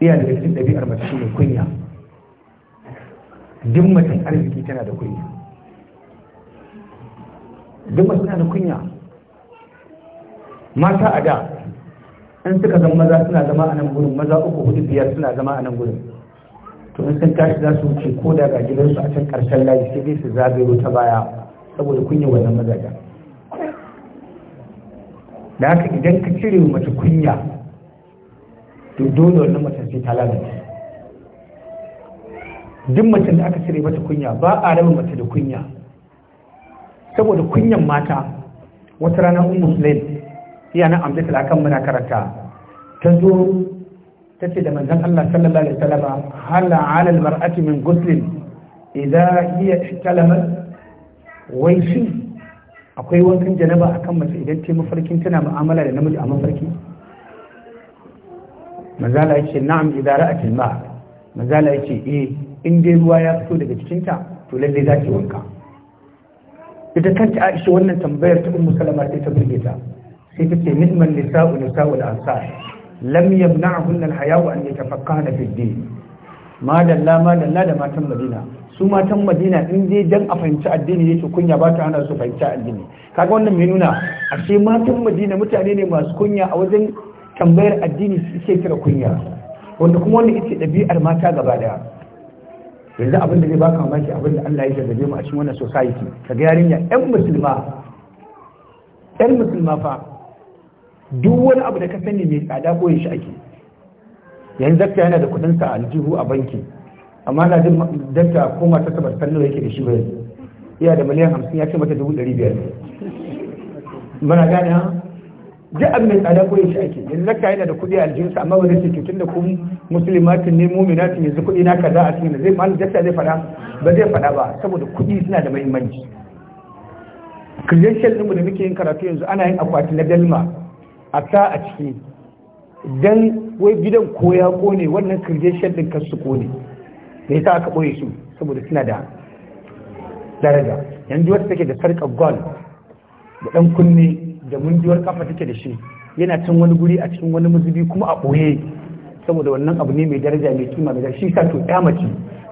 iya daga cikin ɗabi'ar mace shi ne kunya duk mace arziki tana da kunya duk mace tana da kunya mata a da in suka zama maza suna zama a nan gudun, maza uku hudu biyar suna zama a nan gudun. to in sun tashi za su wuce ko da ga gidansu a can karshen layi sai dai su zagayo ta baya saboda kunya wannan mazajen da haka idan ka cire mace kunya to dole wannan sai ta lalace duk da aka cire mata kunya ba a raba mace da kunya saboda kunyan mata wata rana un musulun iya nan amsa talakan muna karanta ta zo ta ce da manzan Allah sallallahu alaihi wasallam hala ala almar'ati min guslin idan iya ihtalamat wai akwai wankan janaba akan mace idan ta mafarkin tana mu'amala da namiji a mafarki manzala ya ce na'am idara a tilma manzala ya ce eh in dai ruwa ya fito daga cikinta to lalle za ki wanka ita kanta aisha wannan tambayar ta ummu salama sai ta burge ta sai ta ce ni'man nisa'u nisa'u al-ansar lam yamna'hunna al-haya'u an yatafaqqahna fi din madalla madalla da matan madina su matan madina in dai dan a fahimci addini yake kunya ba ta hana su fahimci addini kaga wannan mai nuna ashe matan madina mutane ne masu kunya a wajen tambayar addini suke tara kunya wanda kuma wanda ita ɗabi'ar mata gaba daya yanzu abin da zai baka mamaki abin da Allah ya jarrabe mu a cikin wannan society kaga yarinya ƴan musulma ƴan musulma fa duk wani abu da ka sani mai tsada ko shi ake yanzu zakka yana da kudin sa aljihu a banki amma na jin dakta ko mata ta barkan nawa yake da shi bai iya da miliyan 50 ya ce mata 500 bana gane ha duk mai tsada ko yaushe ake yanzu zakka yana da kuɗi a aljihunsa amma ba zai ce tutun da kun musulmatin ne muminatin yanzu kuɗi na kaza a cikin zai malu zakka zai faɗa ba zai faɗa ba saboda kuɗi suna da muhimmanci credential ɗinmu da muke yin karatu yanzu ana yin akwati na dalma a sa a ciki dan wai gidan ko ya kone wannan credential ɗin kan su kone me yasa aka ɓoye su saboda suna da daraja yanzu wata take da sarƙar gwal da ɗan kunne da munjuwar kafa take da shi yana can wani guri a cikin wani mazubi kuma a ɓoye saboda wannan abu ne mai daraja mai kima mai shi sa to ya mace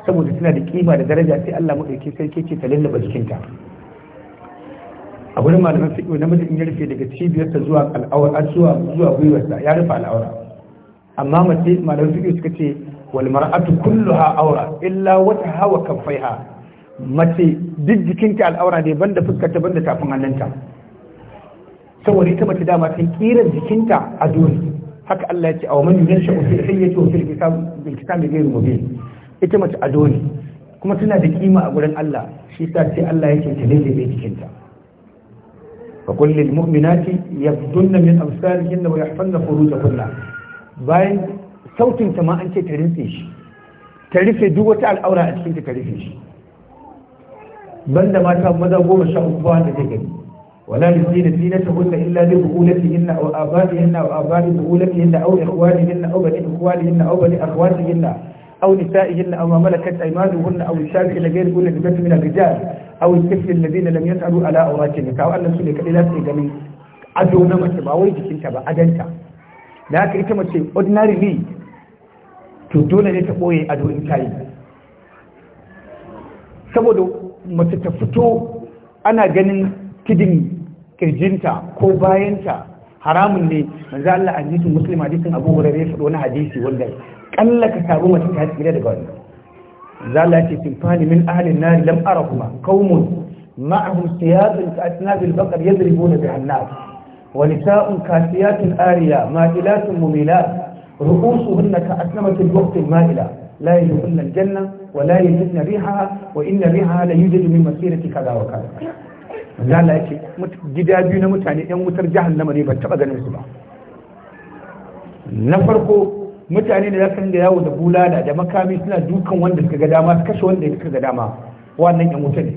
saboda tana da kima da daraja sai Allah madauki sai ke ce ta lallaba jikinta a gurin malaman fiqh namiji in ya rufe daga ta zuwa al'aura zuwa zuwa gwiwarsa ya rufe al'aura amma mace malaman fiqh suka ce wal mar'atu kulluha aura illa wata hawa kaffaiha mace duk jikinta al'aura ne banda fuskarta banda tafin hannunta saboda ita mace dama ta kiran jikinta a duniya haka Allah ya ce mani man yunsha fi hayyati wa fil kitab bil kitab ghayr mubin ita mace a kuma tana da kima a gurin Allah shi ta ce Allah yake ta lalabe jikinta fa kulli lil mu'minati yabdunna min absarihinna wa yahfanna furujahunna bayan sautin ta ma an ce ta rinse shi ta rufe duk wata al'aura a cikin ta rufe shi banda mata maza goma sha uku ba da zai gani ولا يزين زينتهن إلا لبؤولتهن أو آبائهن أو آباء بؤولتهن أو إخوانهن أو بني إخوانهن أو بني أخواتهن أو نسائهن أو ما ملكت أيمانهن أو الشارع غير أولى البيت من الرجال أو الطفل الذين لم يسألوا على أوراتهن أو أن سنة كإلا سيغني أدو نمت باوي جكنت بأدنت لك إتما تي ordinarily to dole ne ta boye ado in tayi saboda mace ta fito ana ganin kidini kirjinta ko bayanta haramun ne manzo Allah a hadisin muslim hadisin Abu Hurairah ya faɗo wani hadisi wanda kalla ka tabu mace ta tsira daga wannan manzo Allah ya ce tinfani min ahli nari lam arahuma qaumun ma'ahum siyadun ka asnabil baqar yadribuna bi annab wa nisa'un kasiyatun ariya ma'ilatun mumilat ru'usuhunna ka asnamatil waqtil ma'ila Layi yuhillu al-janna wa la yajidna riha wa inna riha la yujidu min masirati kadha wa kadha zala yake gida biyu na mutane yan wutar jahannama ne ban taba ganin su ba na farko mutane da za su ringa yawo da bulala da makami suna dukan wanda suka ga dama su kashe wanda suka ga dama wannan yan wutar ne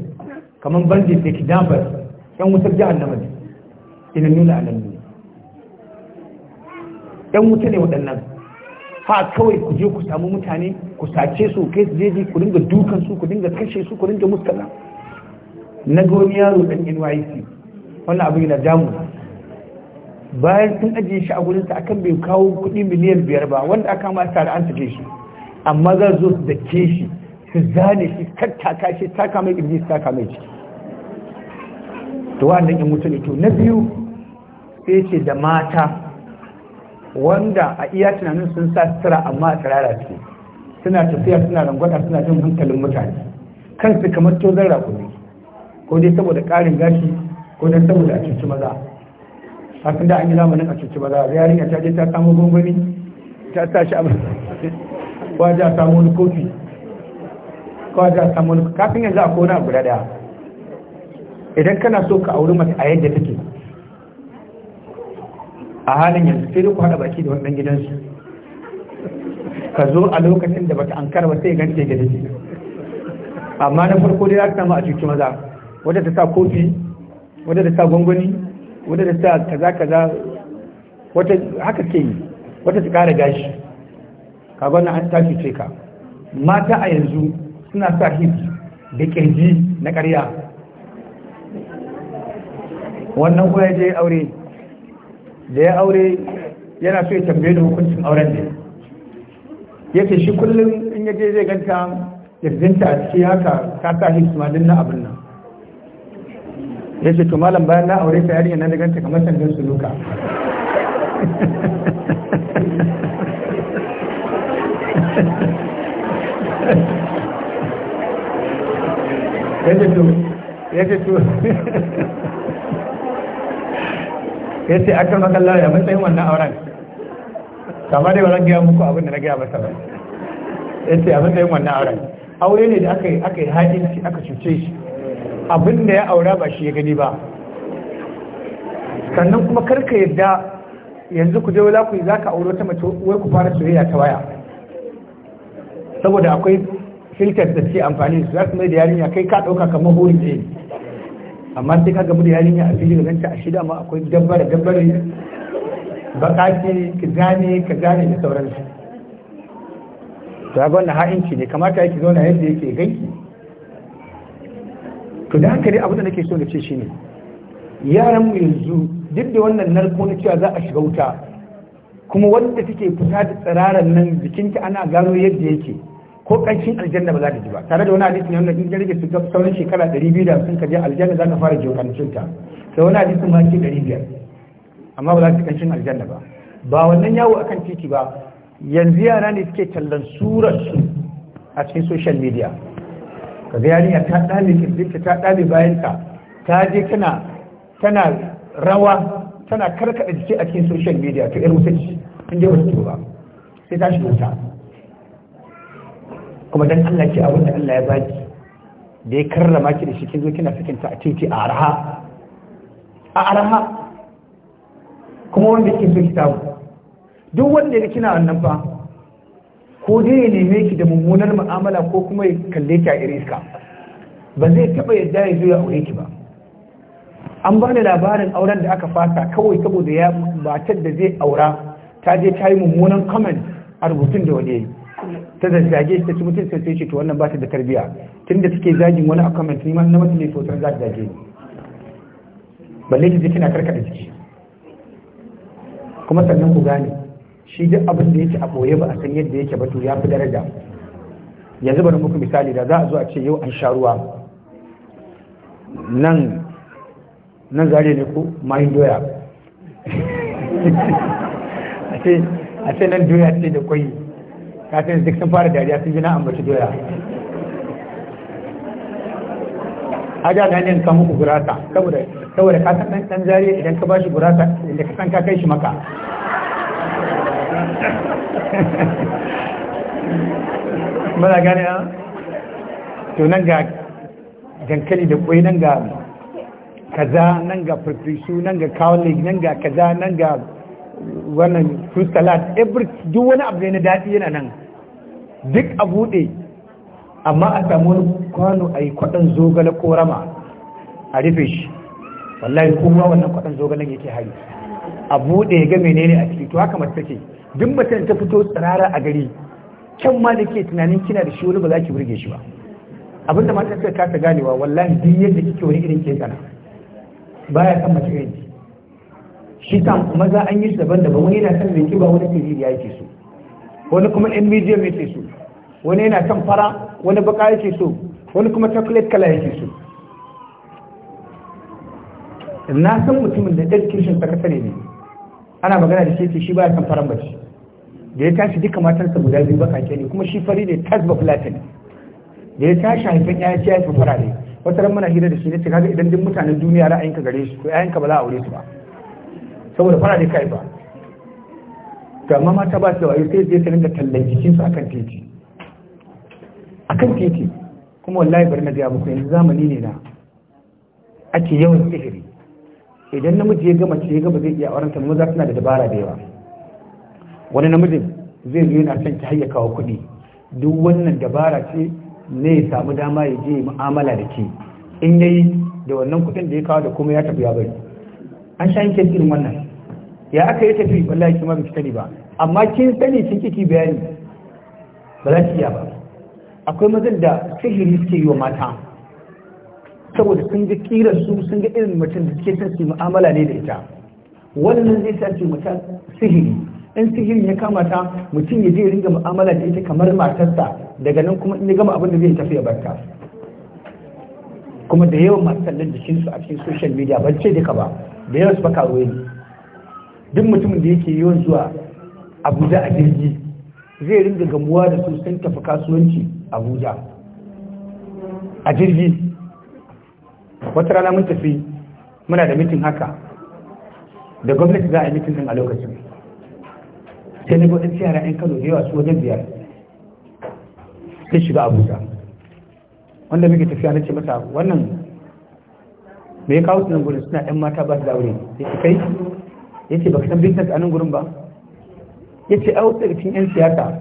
kamar banje da damar yan wutar jahannama ne ina nuna a nan yan wuta ne waɗannan ha kawai ku je ku samu mutane ku sace su kai su jeji ku dinga dukan su ku dinga kashe su ku dinga muskala na ga wani yaro ɗan NYC wannan abin yana damu bayan sun ajiye shi a gurinsa akan bai kawo kuɗi miliyan biyar ba wanda aka ma tare an take shi amma za zo su dake shi su zane shi tattaka shi taka mai ƙirji taka mai ciki to wannan in mutu to na biyu sai ce da mata wanda a iya tunanin sun sa sutura amma a tsirara suke suna tafiya suna rangwada suna jin hankalin mutane kansu kamar tozon rakumi ko dai saboda ƙarin gashi ko dai saboda a cuci maza hakan da an yi zamanin a cuci maza yarinya ta je ta samu gongoni ta tashi a ko a samu wani kofi ko a samu wani kafin yanzu a kona guda daya idan kana so ka auri mata a yadda take a halin yanzu sai dai ku haɗa baki da wannan gidansu ka zo a lokacin da bata an karba sai gance gidansu amma na farko dai za ka samu a cuci maza wadda ta sa kofi wadda ta sa gwangwani wadda ta sa kaza kaza wata haka ke yi wata ta kara gashi ka an tashi ce ka mata a yanzu suna sa hip da kirji na karya wannan kuma ya je aure da ya aure yana so ya tambaye da hukuncin auren ne ya ce shi kullum in ya je zai ganta ya zinta a ciki haka ta sa hip ma na abin nan ya ce to malam bayan na aure ta yarinya na da ganta kamar sandan su luka ya ce a ya ce to ya ce makalla ya matsayin wannan auren kama dai wannan gaya muku abin da na gaya masa ba ya ce a matsayin wannan auren aure ne da aka yi haɗin shi aka cuce shi abin da ya aura ba shi ya gani ba sannan kuma karka yadda yanzu ku je wala ku za ka aure ta mace wai ku fara soyayya ta waya saboda akwai filters da suke amfani su za su mai da yarinya kai ka ɗauka kamar hori ne amma sai ka gamu da yarinya a fili ganta a shida ma akwai dabbare dabbare bakaki ka gane ka gane da sauransu ta ga wannan ha'inci ne kamata yake zauna yadda yake ganki to da haka dai abu da nake so na ce shine yaran mu yanzu duk da wannan narko na cewa za a shiga wuta kuma wanda take fita da tsiraran nan jikinta ana gano yadda yake ko kancin aljanna ba za ta ji ba tare da wani hadisi ne wanda in jirgin su ga sauran shekara 250 ka je aljanna za ka fara jiwancin ta sai wani hadisi ma ke 500 amma ba za ta kancin aljanna ba ba wannan yawo akan titi ba yanzu yara ne suke tallan surar su a cikin social media ka ga yarinya ta ɗale ƙirjinta ta ɗale bayanta ta je tana tana rawa tana karkaɗa jiki a cikin social media to irin mutunci in dai wasu ba sai ta shi wuta kuma dan Allah ce abin da Allah ya baki da ya karrama ki da shi kin zo kina sakin ta a titi a araha a araha kuma wanda ke so ki tabu duk wanda ya kina wannan fa ko dai ya neme ki da mummunar mu'amala ko kuma ya kalle ki a iriska ba zai taɓa yadda ya zo ya aure ki ba an ba da labarin auren da aka fasa kawai saboda ya matar da zai aura ta je ta yi mummunan comment a rubutun da wani ta zazzage ta ci mutum sai ce to wannan ba ta da tarbiya tunda suke zagin wani a comment ni ma na mutum ne to ta zage ni balle ki je kina karkata jiki kuma sannan ku gane shi duk abin da yake a ɓoye ba a san yadda yake ba to ya fi daraja yanzu bari muku misali da za a zo a ce yau an sha ruwa nan nan zare ne ko mayin doya a ce nan doya ce da kwai kafin duk sun fara dariya sun gina na ambaci doya ga ganin ka muku gurasa saboda kasan ɗan zariya idan ka ba shi gurasa inda ka san ka kai shi maka mana gani a ah? to nan ga dankali da kwai nan ga kaza nan ga farfesu nan ga kawalik nan ga kaza nan ga wannan fruit salad duk wani abu ne na daɗi yana nan duk a buɗe amma a samu kwano a yi kwaɗon zogale ko rama a rufe shi wallahi kuma wannan kwaɗon zogalen yake hari a buɗe ya ga menene a ciki to haka mace take duk mutum ta fito tsirara a gari kyan ma da ke tunanin kina da shi wani ba za ki burge shi ba abin da matan suka kasa ganewa wallahi duk yadda kike wani irin ke tsana baya san mace irin shi ta maza an yi shi daban daban wani yana san mai kiba wani siriri ya yake so wani kuma ɗan medium yake so wani yana san fara wani baka yake so wani kuma chocolate kala yake so na san mutumin da ɗan kishin ne ne ana magana da shi shi baya kan faran mace da ya tashi duka matarsa guda biyu ke ne kuma shi fari ne tas ba fulatin da ya tashi haifin ya ce ya fi farare wata ran muna hira da shi ne ce kaga idan duk mutanen duniya ra'ayinka gare su ko 'ya'yanka ba za a aure su ba saboda farare kai ba to amma mata ba su da wayo sai zai sanin da tallan jikin su akan titi akan titi kuma wallahi bari na gaya muku yanzu zamani ne na ake yawan sihiri idan namiji ya gama ce ya gama zai iya auren ta maza suna da dabara da yawa wani namiji zai zo yana son ta hayya kawo kuɗi duk wannan dabara ce ne ya samu dama ya je mu'amala da ke in ya yi da wannan kuɗin da ya kawo da kuma ya tafi ya bari an sha yin irin wannan ya aka yi tafi wallahi kima bai sani ba amma kin sani kin kiki bayani ba za ki iya ba akwai mazan da sihiri suke yi wa mata saboda sun ga kirar su sun ga irin mutum da suke son su mu'amala ne da ita wannan zai sa ce mutum sihiri in sihirin ya kamata mutum ya je ringa mu'amala da ita kamar matarsa daga nan kuma in ya gama abin da zai tafi ya barka kuma da yawan masu sallar jikin su a cikin social media ban ce duka ba da yawan su baka ruwa ne duk mutumin da yake yawan zuwa abuja a jirgi zai ringa gamuwa da su sun tafi kasuwanci abuja a jirgi wata rana mun tafi muna da mitin haka da gwamnati za a yi mitin din a lokacin sai na gudun yara 'yan kano da yawa su wajen biyar sai shiga abuja wanda muke tafiya na ce masa wannan me ya kawo sunan gurin suna 'yan mata ba su da wuri? ya ce kai ya ce baka san business a nan gurin ba ya ce a wasu cikin 'yan siyasa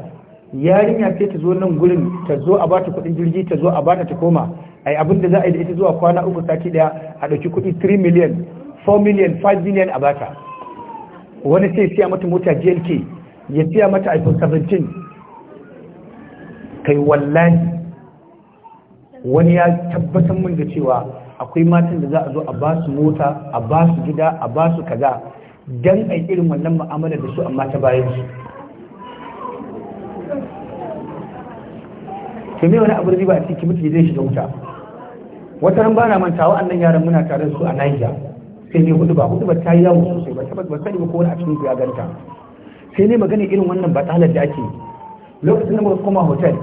yarinya sai ta zo nan gurin ta zo a bata kudin jirgi ta zo a bata ta koma ai abin da za a yi da ita zuwa kwana uku sati daya a ɗauki kuɗi 3 miliyan 4 miliyan 5 miliyan a bata wani sai siya mata mota glk ya siya mata iphone 17 kai wallahi wani ya tabbatar min da cewa akwai matan da za a zo a ba su mota a ba su gida a ba su kaza don a irin wannan mu'amala da su amma ta bayan su to me wani abu da ba a ciki mutu zai shiga wuta wata ran bana manta annan yaran muna tare su a Niger sai ne hudu ba hudu ba ta yi yawo sosai ba tabbata ba sani ba ko wani a cikin ya ganta sai ne magana irin wannan batalar da ake lokacin da muka koma hotel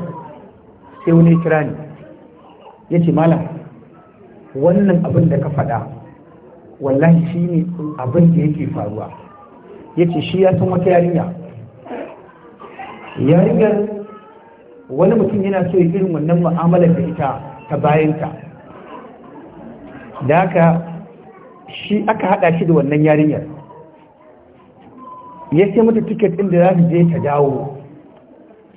sai wani ya kira ni ya ce malam wannan abin da ka faɗa wallahi shi ne abin da yake faruwa ya ce shi ya san wata yarinya yarinyar wani mutum yana so ya irin wannan mu'amalar da ita ta bayanta da haka shi aka haɗa shi da wannan yarinyar ya sai mata tiket ɗin da za su je ta dawo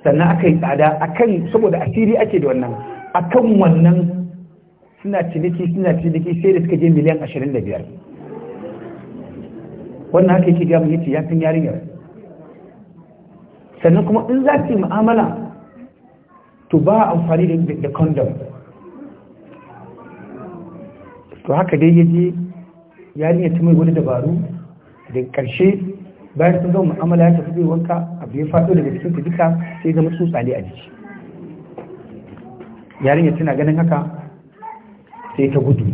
sannan aka yi tsada akan saboda asiri ake da wannan akan wannan suna ciniki suna ciniki sai da suka je miliyan 25 wannan haka yake jami'a yace ya san yarinyar sannan kuma in za su yi mu'amala to ba amfani da condom to haka dai ya je ya ta mai wani dabaru da ƙarshe bayan sun zama mu'amala ya tafi wanka abu ya faɗo daga cikin ta duka sai zama tsutsale a jiki yarinya tana ganin haka sai ta gudu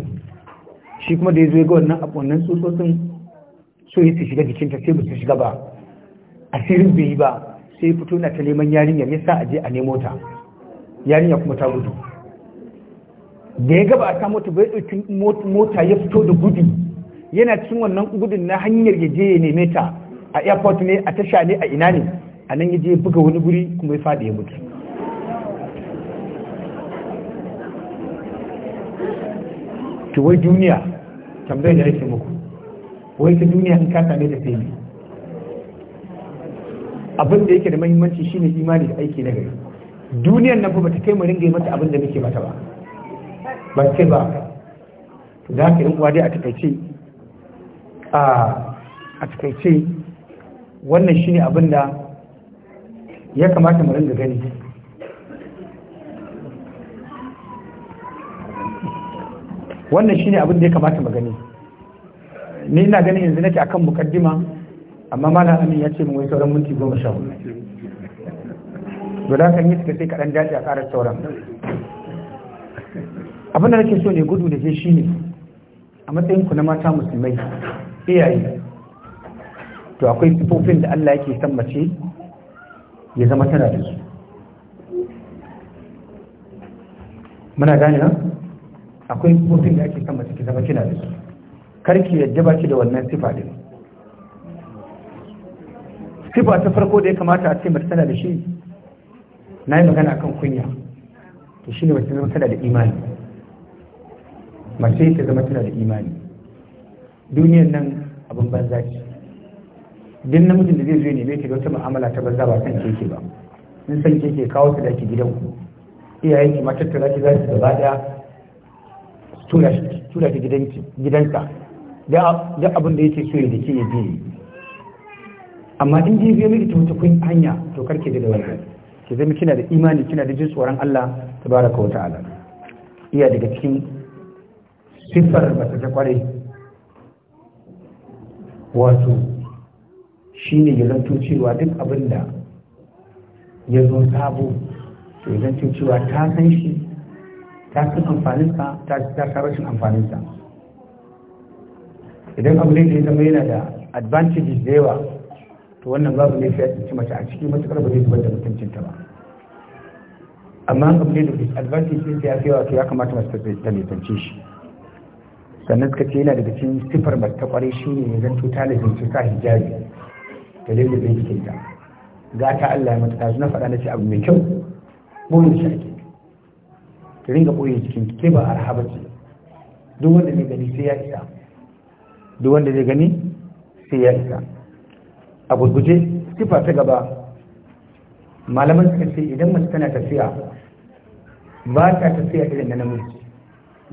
shi kuma da ya zo ga wannan wannan tsutsotsin so ya shiga jikinta sai ba su shiga ba asirin bai yi ba sai fito na ta neman yarinyar ya sa a je a nemo ta yarinya kuma ta gudu da ya gaba ta mota bai ɗauki mota ya fito da gudu yana cikin wannan gudun na hanyar ya je ya neme ta a airport ne a tasha ne a ina ne a nan ya je ya buga wani guri kuma ya faɗi ya mutu to wai duniya tambayar da ake muku wai ta duniya in ka same da sai abin da yake da mahimmanci shine imani da aiki na gari duniyar nan ba bata kai mu ringa mata abin da muke mata ba ban ce ba za da haka yan uwa dai a takaice a takaice wannan shine abin da ya kamata mu da gani wannan shine abin da ya kamata mu gani ni ina ganin yanzu nake akan mukaddima amma mana amin ya ce mu wai sauran minti goma sha hudu to kan yi suka sai kaɗan dace a ƙarar sauran abin da nake so ne gudu da ke shi ne a matsayin ku na mata musulmai iyaye to akwai sifofin da Allah yake san mace ya zama tana da su muna gane nan akwai sifofin da ake san mace ki zama kina da su karki yadda ba ki da wannan sifa din sifa ta farko da ya kamata a ce mace tana da shi na yi magana akan kunya to shi ne mace zama tana da imani mace ta zama tana da imani duniyar nan abin banza ce din namijin da zai zo neme ki da wata ma'amala ta banza ba san keke ba in san keke kawo ta daki gidan ku iyayen ki matar ta zaki zaki gaba daya tura ki gidansa da abin da yake so ya dake ya biye amma in ji biyo miki ta wata kun hanya to karke da wannan ki zama kina da imani kina da jin tsoron Allah tabaraka wa ta'ala iya daga cikin siffar ba ta kwarai wato shi ne ya zanto cewa duk abin da ya zo sabo to ya zanto cewa ta san shi ta san amfaninsa ta ta rashin amfaninsa idan abu ne da ya zama yana da advantages da yawa to wannan babu ne ya tsinci mace a ciki matuƙar ba zai zubar da mutuncinta ba amma abu ne da disadvantages da ya fi yawa to ya kamata mace ta nisance shi sannan suka ce yana daga cikin sifar mata kwarai shi ne ya zanto talibin su sa hijabi da ta. Ga ta Allah ya mata tazu na faɗa na ce abu mai kyau mun shi ake ki ringa ɓoye cikin ke ba arhaba ce duk wanda zai gani sai ya isa duk wanda zai gani sai ya isa a gurguje sifa ta gaba malaman suka ce idan mace tana tafiya ba ta tafiya irin na namiji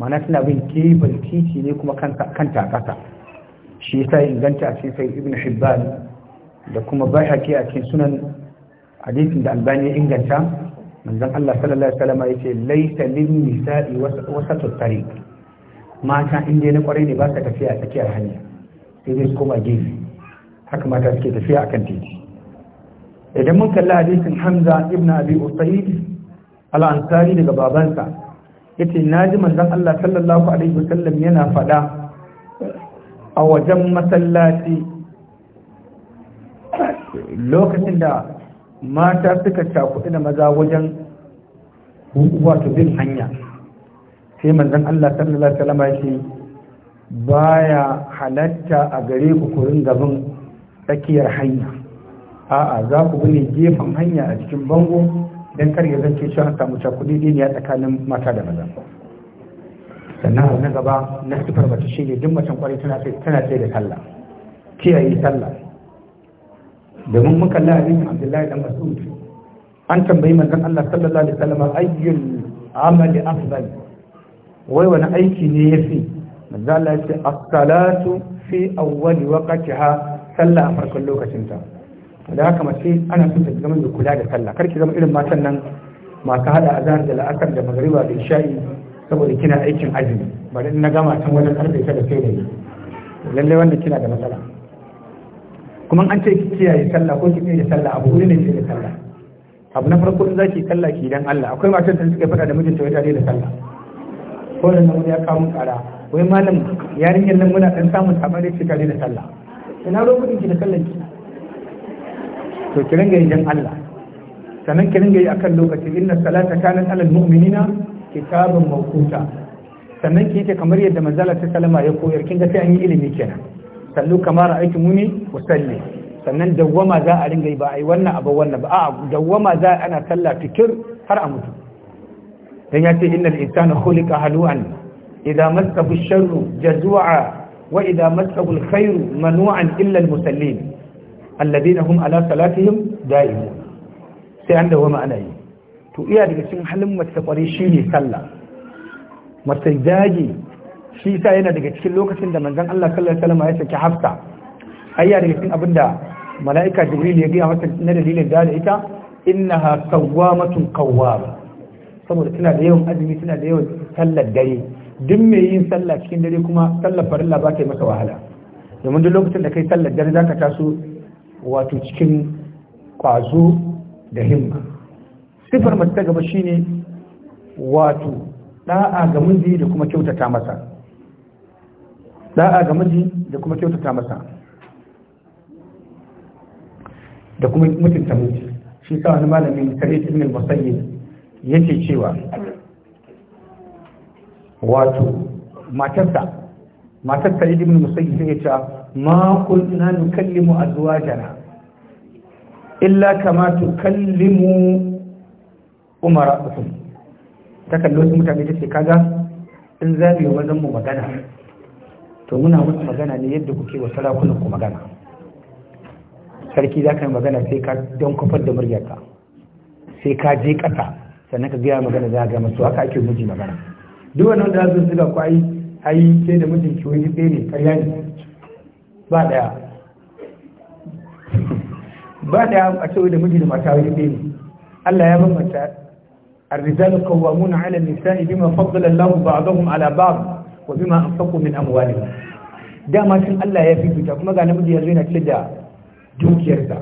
mana suna bin kebal titi ne kuma kanta a ƙasa shi yasa inganta a cikin sai ibn hibban da kuma bayhaqi a cikin sunan hadisin da albani ya inganta manzan Allah sallallahu alaihi ya ce laita lin nisa'i wasa tattari mata inda na kwarai ne ba sa tafiya a tsakiyar hanya sai zai koma gefe haka mata suke tafiya a kan titi idan mun kalli hadisin Hamza ibn Abi usaid al-Ansari daga babansa yace ji manzon Allah sallallahu alaihi wasallam yana fada a wajen masallaci lokacin da mata suka cakuɗi da maza wajen wato bin hanya sai manzon Allah sallallahu alaihi wasallam yace baya halatta a gare ku kurin gaban tsakiyar hanya a'a za ku bi gefen hanya a cikin bango don kar ya zance cewa an kamu cakuɗi ne ya tsakanin mata da maza sannan abu na gaba na sifar mace shi ne duk macen kwarai tana tsaye da sallah kiyaye sallah domin muka la'arin abdullahi dan mas'ud an tambayi manzon Allah sallallahu alaihi wasallam ayyul amali afdal wai wani aiki ne yafi manzon Allah ya ce as-salatu fi awwali waqtiha sallah a farkon lokacinta da haka mace ana so ta zama mai kula da sallah kar ki zama irin matan nan masu hada azhar da la'akar da magariba da isha'i saboda kina aikin azumi bari na gama can wajen karfe ta da sai da ni lallai wanda kina da matsala kuma an ce ki kiyaye sallah ko ki kiyaye sallah abu ne ne da sallah abu na farko in zaki sallah ki dan Allah akwai matan da suka faɗa da mijinta wajen da sallah ko da nan ya kawo kara wai malam yarinyar nan muna dan samun sabani ce tare da sallah ina roƙin ki da sallah ki to ki ringa yin Allah sannan ki ringa yi akan lokaci inna salata kanat alal mu'minina kitabun mawquta sannan ki yake kamar yadda manzala ta salama ya koyar kin ga sai an yi ilimi kenan sallu kamar aiki muni wa salli sannan dawwama za a ringa yi ba ai wannan abu wannan ba a'a dawwama za ana sallah fikir har a mutu dan ya ce innal insana khuliqa halu'an idza massahu sharru jazua wa idza massahu alkhairu manu'an illa almusallin alladina hum ala salatihim da'imun sai an dawo mana yi to iya daga cikin halin mace kware shine sallah mace daji shi sa yana daga cikin lokacin da manzon Allah sallallahu alaihi wasallam ya saki Hafsa ayya daga cikin abinda mala'ika Jibril ya gaya mata na dalilin da ita innaha qawwamatun qawwama saboda tana da yawan azumi tana da yawan sallar dare duk mai yin sallah cikin dare kuma sallar farilla ba ta yi masa wahala domin duk lokacin da kai sallar dare zaka taso wato cikin kwazo da himma sifar mace ta gaba shine wato da'a ga miji da kuma kyautata masa da'a ga miji da kuma kyautata masa da kuma mutunta miji shi sa wani malamin sa'id ibn al-musayyib yake cewa wato matarsa matar sa'id ibn al-musayyib yake cewa ma kunna nukallimu azwajana illa kama tukallimu umara'ukum ta kalli wasu mutane ta ce kaga in za mu yi wajen mu magana to muna musu magana ne yadda kuke wa sarakunan ku magana sarki za ka yi magana sai ka don kofar da muryarka sai ka je ƙasa sannan ka gaya magana za a gama su haka ake miji magana duk wannan da za su ga ku ai ai sai da mijinki wani ɗaya ne ƙarya ne ba daya ba daya a cewa da miji da mata wani ɗaya Allah ya bambanta الرجال قوامون على النساء بما فضل الله بعضهم على بعض وبما أنفقوا min أموالهم dama shin Allah ya fifita kuma ga namiji yanzu yana cikin da dukiyarsa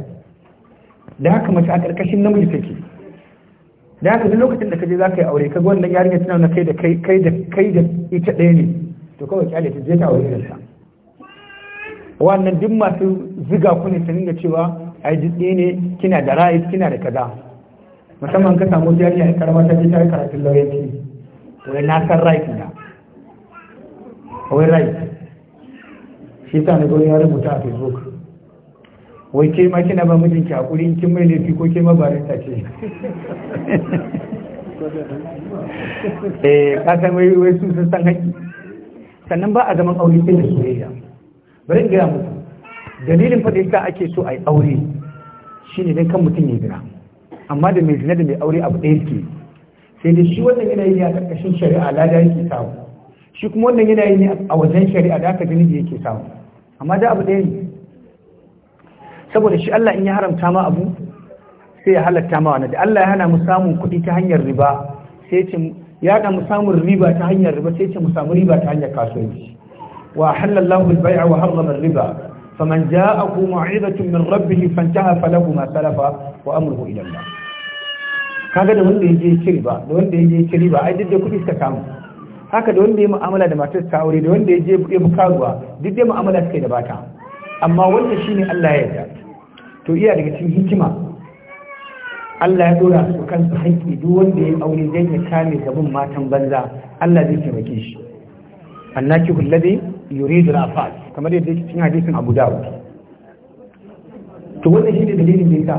da haka mace a karkashin namiji take da haka duk lokacin da kaje ka yi aure kaga wannan yarinya tana na kai da kai da ita ɗaya ne to kawai kyale ta je ta aure da wannan duk masu ziga ku ne su dinga cewa a duk ne kina da ra'ayi kina da kaza musamman ka samu jari a karama ta ta karatun lauyanci wai na san ra'ayi na wai ra'ayi shi ta na gani ya rubuta a facebook wai ke ma kina ba ki hakuri in kin mai laifi ko ke ma ba rinta ce eh ka san wai su sun san haƙi sannan ba a zaman aure sai da soyayya bari gaya muku dalilin fa da yasa ake so a yi aure shi ne dan kan mutum ya gina amma da mai zina da mai aure abu ɗaya suke sai dai shi wannan yanayi ne a ƙarƙashin shari'a lada yake samu shi kuma wannan yanayi ne a wajen shari'a da aka gani yake samu amma da abu ɗaya ne saboda shi Allah in ya haramta ma abu sai ya halatta ma wani da Allah ya hana mu samun kuɗi ta hanyar riba sai ce ya hana mu samun riba ta hanyar riba sai ce mu samu riba ta hanyar kasuwanci وأحل الله البيع وحرم الربا فمن جاءه موعظة من ربه فانتهى فله ما سلف وأمره إلى الله kaga da wanda yake kiri ba da wanda yake kiri ba ai duk kudi suka samu haka da wanda ya mu'amala da matar ta aure da wanda yake ya bukaruwa duk da mu'amala suka da bata amma wanda shine Allah ya yarda to iya daga cikin hikima Allah ya dora su su haƙi duk wanda ya aure zai ya kame gaban matan banza Allah zai taimake shi annaki hulladi yuridul afad kamar yadda cikin hadisin Abu Dawud to wannan shine dalilin da ka?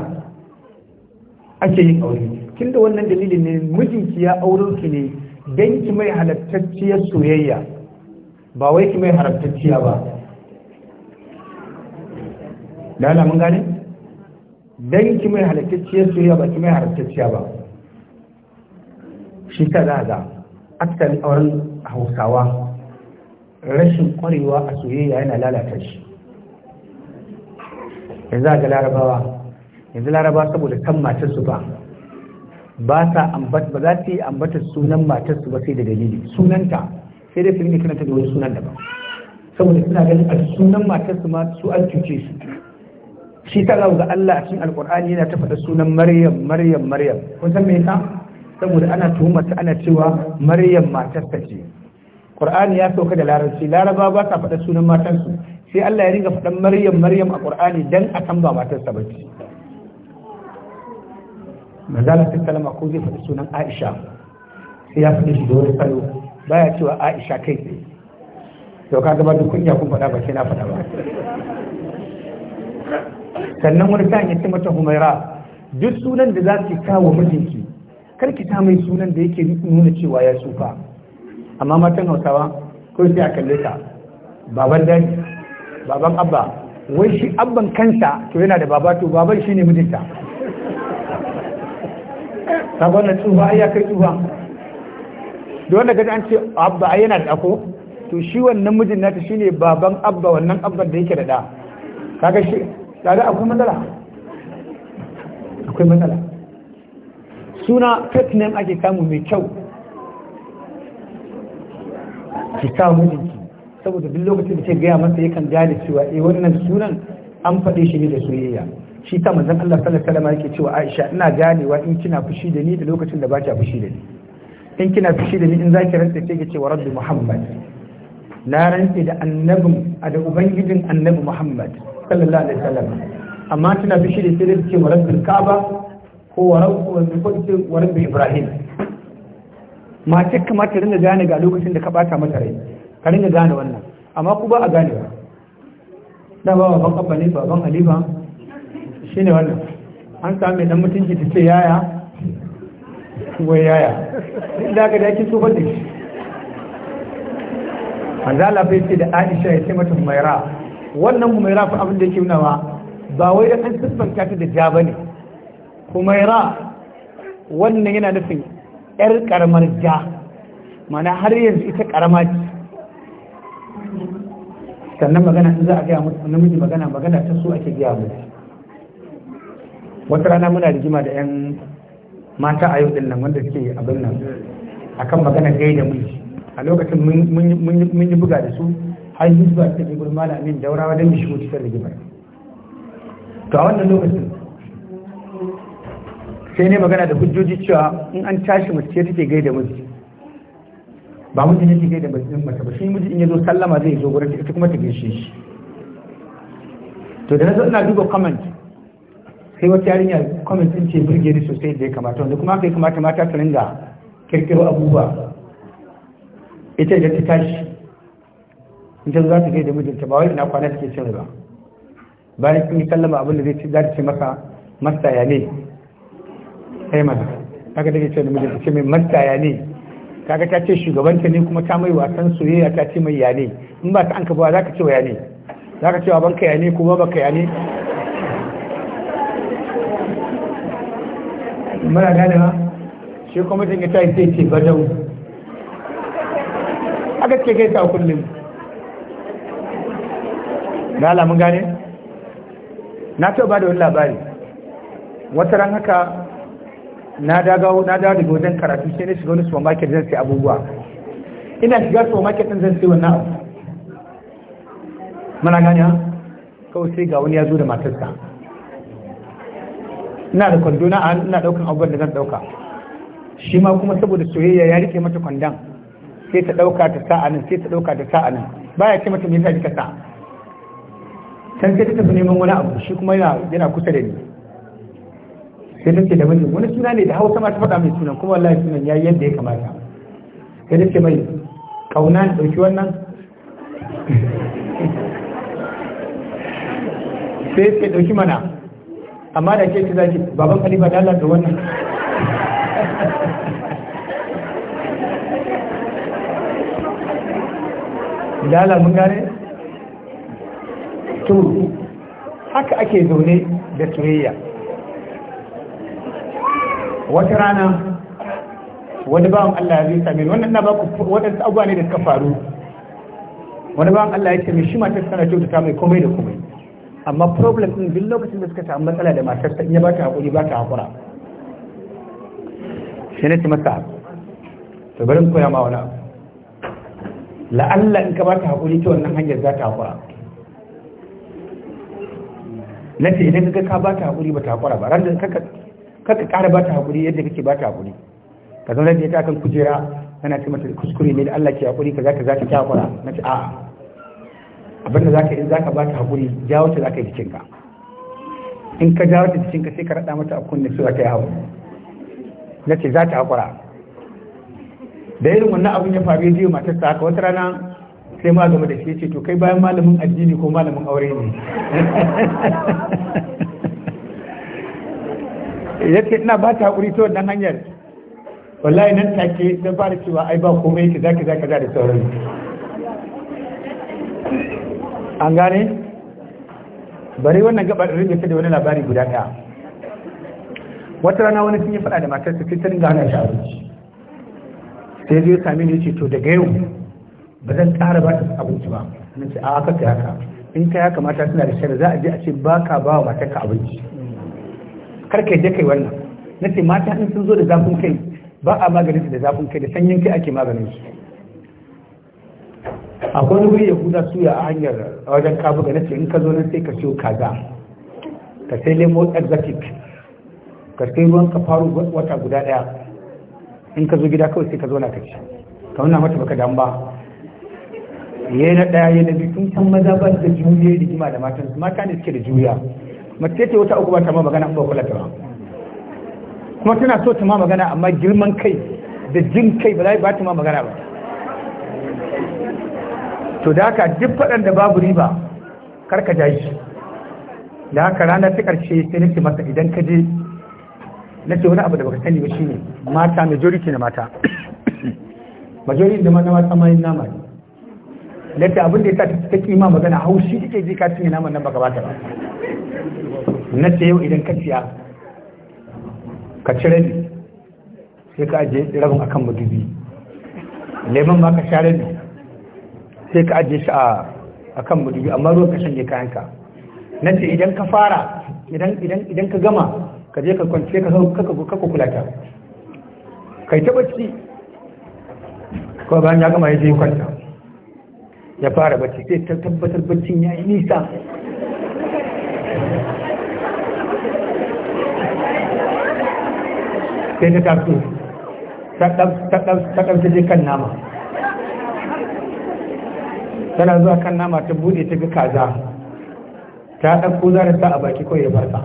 ake yin aure Kin da wannan dalilin ne mijinki ya aure ki ne dan ki mai halattacciyar soyayya ba wai ki mai haramtacciya ba lala mun gane dan ki mai halattacciyar soyayya ba ki mai haramtacciya ba shi ka ta zaga akasari auren Hausawa rashin kwarewa a soyayya yana lalata shi yanzu ga larabawa yanzu larabawa saboda kan matarsu ba ba sa ambat ba za ta yi ambata sunan matarsu ba sai da dalili sunanta sai dai su da kiranta da wani sunan da ba saboda suna ganin a sunan matarsu ma su an cuce su shi ta ga Allah a cikin alkur'ani yana ta faɗa sunan maryam maryam maryam kun san me yasa saboda ana tuhumarta ana cewa maryam matarsa ce qur'ani ya sauka da larabci laraba ba ta faɗa sunan matansu sai Allah ya ringa faɗan maryam maryam a qur'ani dan a kan ba matarsa ba ce manzala ta kalama ko zai faɗi sunan aisha sai ya faɗi shi da wani salo baya cewa aisha kai tsaye to ka gaba da kunya kun faɗa ba sai na faɗa ba sannan wani sa'in ya ce mata humaira duk sunan da za ki kawo mijinki kar ki ta mai sunan da yake nuna cewa ya tsufa amma matan hausawa ko sai a kalle ta baban dani baban abba wai shi abban kansa to yana da baba to baban shine mijinta sabon na tsufa ya kai tsufa da wanda gaji an ce abba ai yana da ko to shi wannan mijin nata shine baban abba wannan abban da yake da da kaga shi tare akwai matsala akwai matsala suna fake name ake samu mai kyau ki sa saboda duk lokacin da ke gaya masa yakan da cewa eh wannan sunan an faɗe shi ne da soyayya shi ta manzon Allah sallallahu alaihi wasallam yake cewa Aisha ina ganewa in kina fushi da ni da lokacin da ba kya fushi da ni in kina fushi da ni in zaki rantsa sai ki cewa rabbi Muhammad na rantsa da annabi da ubangijin annabi Muhammad sallallahu alaihi wasallam amma kina fushi da sai da ce wa rabbil Kaaba ko ce rabbi Ibrahim mace kamata ringa gane ga lokacin da ka bata mata rai ka ringa gane wannan amma ku ba a gane ba da ba baban abba ne ban alifa shine wannan an samu mai dan mutunci ta ce yaya wai yaya da ka dace so da shi manzo Allah bai ce da Aisha ya ce mata Humaira wannan Humaira fa abin da yake nunawa ba wai da an siffanta ta da ja bane Humaira wannan yana nufin 'yar karamar ja mana har yanzu ita karama ce sannan magana sun za a gaya musu namiji magana magana ta so ake gaya musu wata rana muna rigima da 'yan mata a yau din nan wanda suke abin nan a kan magana gai da miji a lokacin mun yi buga da su har yi zuwa cikin gurmala min daurawa don da shigo cikin rigimar to a wannan lokacin sai ne magana da hujjoji cewa in an tashi mace ce take gaida miji ba mutum ne take gaida mace ba shi miji in ya zo sallama zai zo gurin ita kuma ta gaishe shi to da na zo ina duba comment sai wata yarinya comment din ce burge ni sosai da ya kamata wanda kuma haka ya kamata mata su ringa kirkiro abubuwa ita idan ta tashi ita za ta gaida mijinta ba wai ina kwana take cin ba bayan kin sallama abin da zai za ta ce masa masa ya ne sai mana kaga take ce da mijinta ce mai masta ne kaga ta ce shugabanta ne kuma ta mai wasan soyayya ta ce mai yane in ba ta an ka ba za ka ce wa ne? za ka ce wa banka ne? ko ba ka ne mara gane ba shi kuma mutum ya ta yi zai ce badau aka ce kai ta kullum na alamun gane na ta ba da wani labari wata ran haka na dawo na dawo daga wajen karatu sai na shiga wani supermarket zan sai abubuwa ina shiga supermarket din zan sai wannan abu mana gani ha kawai sai ga wani ya zo da matarsa ina da kwando na ina daukan abubuwan da zan dauka shi ma kuma saboda soyayya ya rike mata kwandon sai ta dauka ta sa anan sai ta dauka ta sa anan baya ce mata me yasa kika sa san sai ta tafi neman wani abu shi kuma yana kusa da ni sai ta ce da mijin wani suna ne da hausa ma ta faɗa mai sunan kuma wallahi sunan ya yadda ya kamata sai ta ce mai kauna ni ɗauki wannan sai sai ɗauki mana amma da ke ce zaki baban kalifa da Allah da wannan dala mun gane to haka ake zaune da soyayya wata rana wani bawan Allah zai same wannan na baku waɗansu abuwa ne da suka faru wani bawan Allah ya ce mai shi matar tana kyautata mai komai da komai amma problem din bin lokacin da suka samu matsala da matar ta in ya ba ta haƙuri ba ta haƙura sai na ce masa to bari koya ma wani abu la'alla in ka ba ta haƙuri ta wannan hanyar za ta haƙura na ce idan ka ka ba ta haƙuri ba ta haƙura ba ran da ka kaka ƙara ba ta haƙuri yadda kake ba ta haƙuri ka zama da ta kan kujera kana ce mata kuskure ne da Allah ke haƙuri kaza kaza ta kyakura na ce a'a abinda za ka in za ka ba ta haƙuri ja ta za ka yi jikinka in ka jawo ta jikinka sai ka raɗa mata a kunne su za ta yi na ce za ta haƙura da irin wannan abin ya faru ya je matarsa haka wata rana sai game da shi ce to kai bayan malamin addini ko malamin aure ne ya ce ina ba ta haƙuri ta wannan hanyar wallahi nan take ta fara cewa ai ba komai ki zaki zaki da sauran an gane bari wannan gabar da ta da wani labari guda ɗaya wata rana wani sun yi faɗa da matar su fitar ga hana shi sai zai sami ne ce to daga yau ba zan ƙara ba ta abinci ba na ce a haka ta haka in ta ya kamata suna da shari'a za a je a ce ba ka ba wa ka abinci kar ka je kai wannan na ce mata in sun zo da zafin kai ba a maganin su da zafin kai da sanyin kai ake maganin su akwai wani wuri ya suya a hanyar wajen kabuga na ce in ka zo nan sai ka siyo kaza ka sai lemo exotic ka sai ruwan ka faru wata guda daya in ka zo gida kawai sai ka zo na ka ci ka wannan mata baka damu ba ya na daya ya na biyu tun san maza ba da juriya da kima da matan su mata ne suke da juriya mace ce wata uku ba ta ma magana ba kula ta ba kuma tana so ta ma magana amma girman kai da jin kai ba za ba ta ma magana ba to da haka duk faɗan da babu riba karka ja shi da haka rana ta ƙarshe sai nake masa idan ka je na ce wani abu da baka sani ba shine mata majority na mata majority da mana mata mai nama ne yadda abin da ya sa ta kima magana haushi ke ji ka cinye naman nan baka bata ba na ce yau idan ka ciya ka cire ni sai ka ajiye rabin akan madubi lemon ma ka share ni sai ka ajiye shi a akan madubi amma ruwan ka shanye kayanka na ce idan ka fara idan ka gama ka je ka kwance ka sau kaka kaka kulata kai taba bacci ko bayan ya gama ya je kwanta ya fara bacci sai ta tabbatar baccin ya yi nisa sai ta taso ta ɗauke je kan nama tana zuwa kan nama ta buɗe ta ga kaza ta ɗauko zara sa a baki kawai ya barka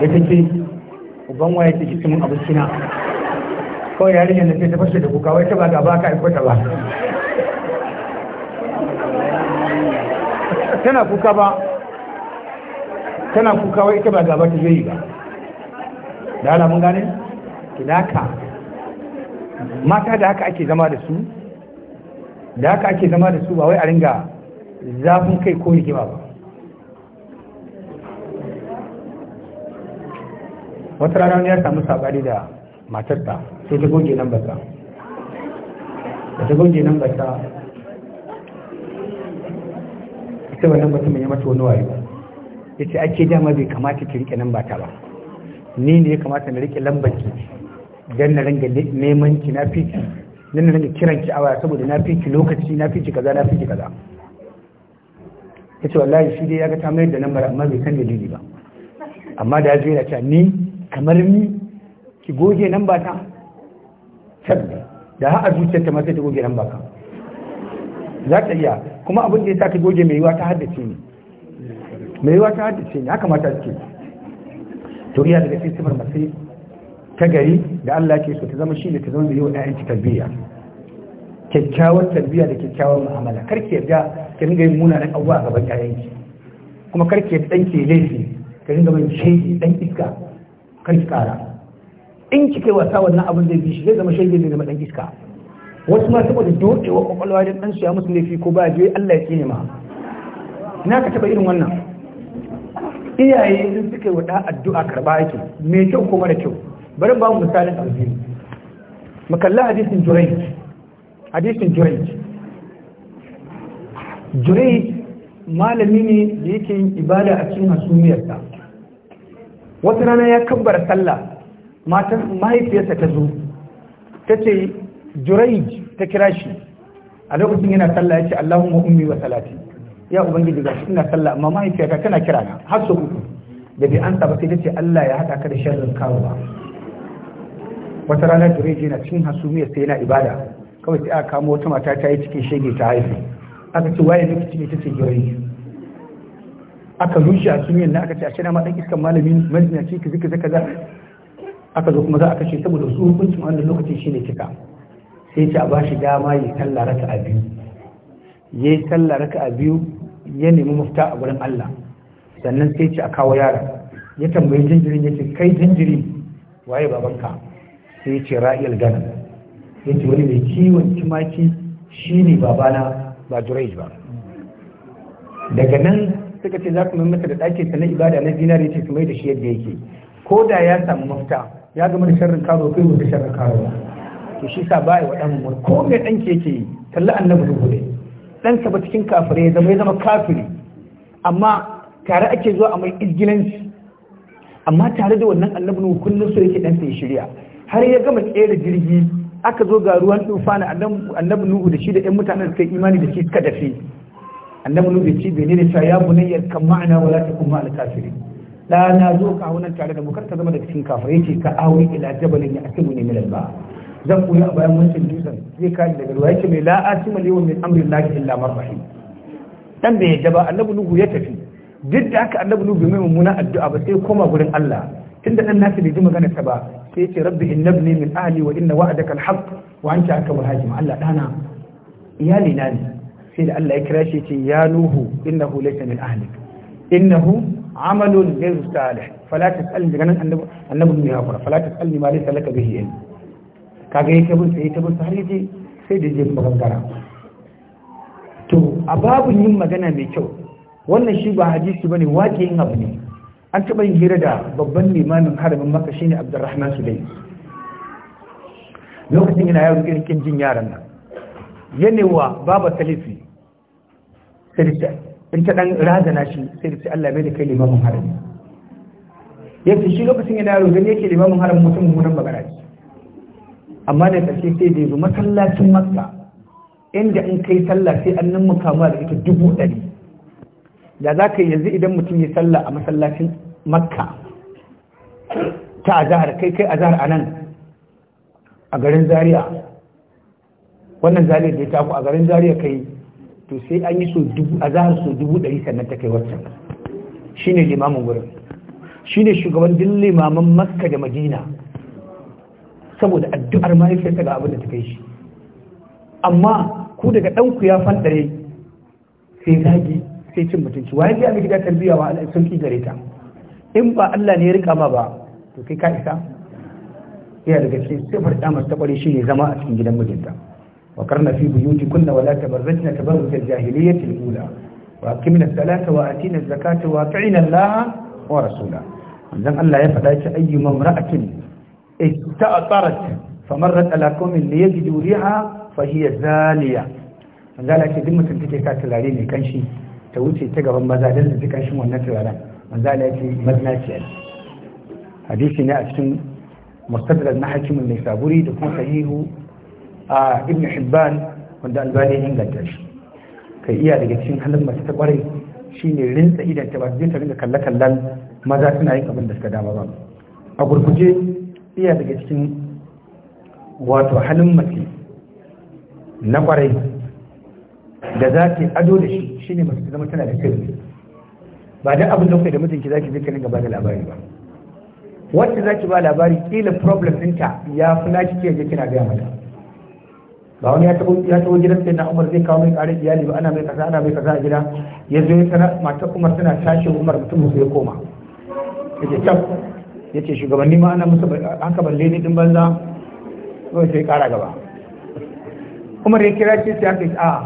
da ta ce uban waya ke kisimin abinci na kawai yarinyar da ta fashe da kuka wai ta ba ga ka aiko ba tana kuka ba tana kuka wai ita ba gaba ta zai ba da ala mun gane kidaka mata da haka ake zama da su da haka ake zama da su ba wai a ringa zafin kai ko rigima ba wata rana ya samu sabari da matarta sai ta goge nan bata ta goge nan bata sai wannan mutumin ya mata wani wayo ya ce ake dama bai kamata ki rike lamba ta ba ni ne ya kamata na rike lambar ki dan na ranga neman ki na fiki dan na ranga kiran ki awa saboda na fiki lokaci na fiki kaza na fiki kaza ya ce wallahi shi dai ya ga ta mayar da lambar amma bai san dalili ba amma da ya zo yana cewa ni kamar ni ki goge lamba ta sabbi da har a zuciyarta ma sai ta goge lamba ka za ta iya kuma abin da ya sa ka goge mai yiwa ta haddace ne mai yiwa ta haddace ne haka mata suke to iya daga sai sifar mace ta gari da Allah ke so ta zama shi ne ta zama da yau ci tarbiyya kyakkyawar tarbiyya da kyakkyawar mu'amala kar ki yarda ki ringa yin munanan abubuwa a gaban ƴaƴanki kuma kar ki yarda dan ya laifi ka ringa ban shege dan iska kar ki ƙara in kike wasa wannan abin zai bi shi zai zama shege ne zama dan iska wasu ma saboda dodewa kwakwalwa don ɗansu ya musu laifi ko ba biyu Allah ya ne ma ina ka taba irin wannan iyaye sun suka yi wada addu'a karɓa yake, mai kyau ko mara kyau bari ba mu misalin arziki mu kalla hadisin jurayj hadisin jurayj jurayj malami ne da yake yin ibada a cikin hasumiyarsa wata rana ya kabbara sallah matan mahaifiyarsa ta zo ta ce Jurayj ta kira shi a lokacin yana sallah yace Allahumma ummi wa salati ya ubangiji shi ina sallah amma mahaifiyata tana kira na har sau uku da bi an saba sai ce Allah ya haɗa ka da sharrin ba. wata rana Jurayj yana cin hasumiyar sai yana ibada kawai sai aka kamo wata mata ta yi cikin shege ta haihu aka ce waye ne kici ne ce Jurayj aka rushe hasumiyar na aka ce ashe na ma dan iskan malamin majinaci zika kaza kaza aka zo kuma za a kashe saboda su hukuncin wannan lokacin shine kika sai ce a ba shi dama ya sallah raka a biyu ya yi sallah raka a biyu ya nemi mafita a wurin Allah sannan sai ce a kawo yara ya tambayi jinjirin ya ce kai jinjiri waye babanka sai ce ra'ayyar gana ya ce wani mai kiwon tumaki shi ne babana ba jirai ba daga nan suka ce za ku mai masa da ɗakin sa na ibada na zinari ce su mai da shi yadda yake ko da ya samu mafita ya gama da sharrin karo kai wata sharrin karo to shi sa baya wa ɗan mummuni ko mai ɗanki yake yi kalli annabi duhu ne ka ba cikin kafire ya zama ya zama kafiri amma tare ake zuwa a mai izgilanci amma tare da wannan annabi nuhu kullum so yake ɗansa ya shirya har ya gama tsere jirgi aka zo ga ruwan tufa na annabi nuhu da shi da ƴan mutanen suka imani da shi suka dafe annabi nuhu bai ci bai ne cewa ya bunayyar kan ma'ana wala ta kuma kafiri da na zo ka tare da mu kar ta zama da cikin kafirai ce ka awi ila jabalin ya asibu ne min ba zan koyi a bayan wancan dutsen zai kare daga ruwa yake mai la'atima lewa min amrin lahi illa marrahim dan bai yadda ba annabi nuhu ya tafi duk da haka annabi nuhu bai mai mummuna addu'a ba sai koma gurin Allah tunda dan nasa bai ji magana ta ba sai ce rabbi innabni min ahli wa inna wa'adaka alhaq wa anta akamul hakim Allah dana iyali na ne sai da Allah ya kira shi yace ya nuhu innahu laysa min ahlik innahu amalun ghayru salih fala tasalni ganan annabi annabi ya fara fala tasalni ma laysa laka bihi ilm kaga ya ta sai ya ta bin har yaje sai da je magangara to a babun yin magana mai kyau wannan shi ba hadisi bane yin abu ne an taɓa yin hira da babban limamin haramin maka shine abdurrahman sulai lokacin yana yaro kin jin yaran nan yanewa baba talifi sai in ta dan razana shi sai da Allah mai da kai limamin haramin yace shi lokacin yana yaro gani yake limamin haramin mutum mun magana amma da ƙarshe sai da yanzu masallacin makka inda in kai sallah sai an nan mukamuwa da ita dubu ɗari da za ka yanzu idan mutum ya sallah a masallacin makka ta azahar kai kai azahar a nan a garin zaria wannan zaria da ya taku a garin zaria kai to sai an yi azahar so dubu ɗari sannan ta kai waccan shine limamin wurin shine shugaban duk limaman makka da madina saboda addu'ar mahaifiyarta ga abin da ta kai shi amma ku daga ɗanku ya fandare sai zagi sai cin mutunci waye ya gida tarbiyya wa sun gare ta in ba Allah ne ya rika ma ba to kai ka isa ya daga cikin sifar da masu shi ne zama a cikin gidan mijinta wa karna fi buyuti kunna wala tabarrajna tabarruj al jahiliyyati al-ula wa aqimna as-salata wa atina az-zakata wa ta'ina Allah wa rasula dan Allah ya faɗa ki ayyuma mar'atin ta'atarat famarrat ala qaumin li yajidu riha fa hiya zaliya manzala ce duk mutum take ka turare mai kanshi ta wuce ta gaban maza don su ji kanshin wannan turaren manzala ce maznaciya hadisi ne a cikin mustadrak na hakimin mai saburi da kuma sahihu a ibn hibban wanda albani inganta shi kai iya daga cikin halin masu ta kwarai shine rinsa idan ta ba zai ta rinka kalle-kallen maza suna yin abin da suka dama ba a gurguje iya daga cikin wato halin mace na kwarai da za ta ado da shi shi ne masu zama tana da kai ba da abin da kai da mutunci za ki je kanin gaba da labari ba wacce za ki ba labari kila problem ɗinta ya fi na ciki je kina gaya mata ba wani ya taɓa gidan sai na Umar zai kawo mai ƙarin iyali ba ana mai kasa ana mai kasa a gida ya zo ya sana matar Umar tana tashi Umar mutum ya koma ke tab ya ce shugabanni ma ana musu ka balle ni din banza kawai sai kara gaba kuma ya kira ce sai aka yi a ah,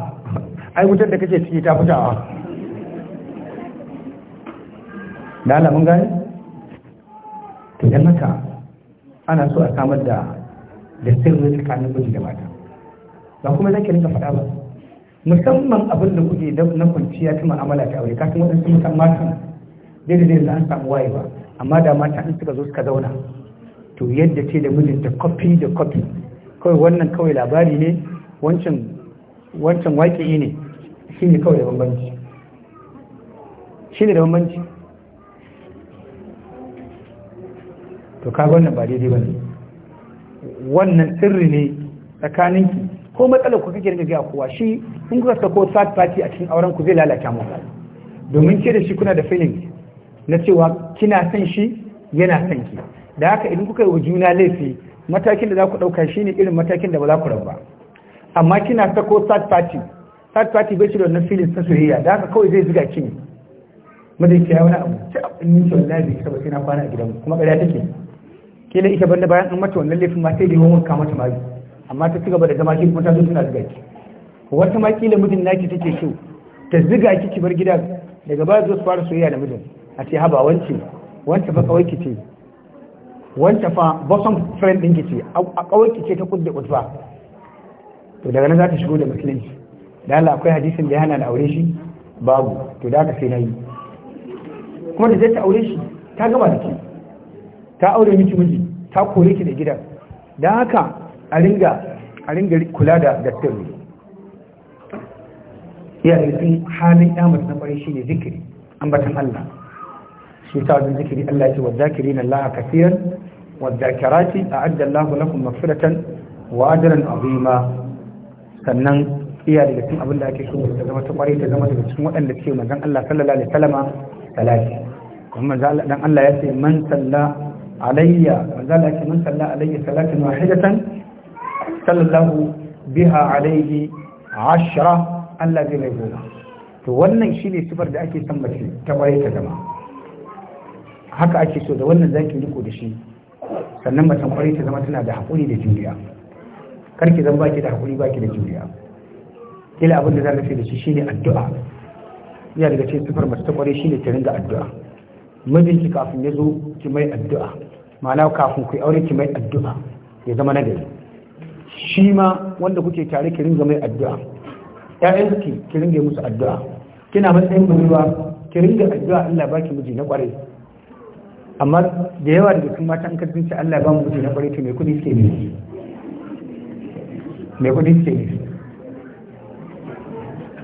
ai wutar da kake ciki ta fitawa da ala mun gani to yan haka ana so a samar da da sirrin tsakanin miji da mata ba kuma zaki rinka faɗa ba musamman abin da kuke na kwanciya ta ma'amala ta aure kafin waɗansu mutan matan daidai da an samu wayewa amma da mata in suka zo suka zauna to yadda ce da mijinta kofi da kofi kawai wannan kawai labari ne wancan wancan waƙi ne shi ne kawai da bambanci shi ne da bambanci to ka wannan ba daidai ba ne wannan sirri ne tsakaninki ko matsalar ku kake ga kowa shi in kuka sako third party a cikin auren ku zai lalata mu domin ke da shi kuna da feeling na cewa kina son shi yana son ki da haka idan kuka yi wa juna laifi matakin da za ku ɗauka shi ne irin matakin da ba za ku rabu ba amma kina sako third party third party bai shi da wannan filin ta soyayya da haka kawai zai ziga ki ne madanki ya wani abu ta abin yin kyau lafi ita ba sai na kwana a gidan kuma ƙarya take ke da ita banda bayan an mata wannan laifin ma sai da yawan kama ta mari amma ta ci gaba da zama shi kuma ta zo tana ziga ki wata ma kila mijin naki take so ta ziga ki ki bar gida daga baya zo su fara soyayya da mijin a ce haba wance wance fa kawai ce wance fa bosom friend din kice a kawai kice ta kudda kudfa to daga nan za ta shigo da musulunci da Allah akwai hadisin da yana da aure shi babu to da ka sai na yi kuma da zai ta aure shi ta gaba da ke ta aure miki miji ta kore ki da gidan da haka a ringa a ringa kula da dattin ya yi halin yamata na bari shi ne zikiri an batan Allah shi ta wajen zikiri Allah ce wa zakiri na Allah kafiran wa zakirati a adda Allah lakum magfiratan wa ajran azima sannan iya daga cikin abin da ake so ta zama ta kwarai ta zama daga cikin waɗanda ke manzon Allah sallallahu alaihi salama salati kuma dan Allah ya ce man salla alayya manzo Allah ya ce man salla alayya salatan wahidatan sallallahu biha alayhi ashra Allah zai mai goma to wannan shine sifar da ake san mace ta kwarai ta zama haka ake so da wannan zaki riko da shi sannan macen kwarai ta zama tana da haƙuri da juriya karki zan baki da haƙuri baki da juriya kila abin da za na da shi shine addu'a ya daga cikin sifar mace ta kwarai shine ta ringa addu'a mijinki kafin ya zo ki mai addu'a ma'ana kafin ku aure ki mai addu'a ya zama nagari shi ma wanda kuke tare ki ringa mai addu'a ƴaƴanki ki ringa musu addu'a kina matsayin ruwa ki ringa addu'a Allah baki miji na kwarai amma da yawa daga cikin mata an kasance Allah ba mu kuɗi na ƙwarai mai kuɗi suke ne mai kuɗi suke ne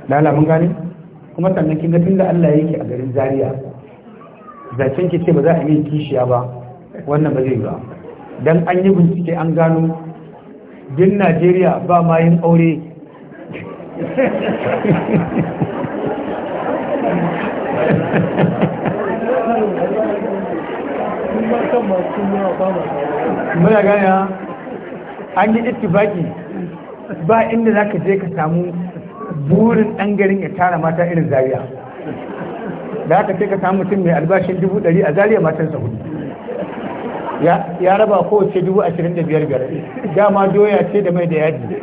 lala mun gane kuma sannan kin ga tunda Allah yake a garin Zaria zancen ki ce ba za a yi kishiya ba wannan ba zai ba dan an yi bincike an gano din Najeriya ba ma yin aure ha ha ha. muna gaya an yi baki ba inda za ka je ka samu burin ɗan garin ya tara mata irin zariya da aka ce ka samu mutum mai albashin dubu ɗari a zariya matansa hudu ya raba kowace dubu ashirin da biyar biyar dama doya ce da mai da yaji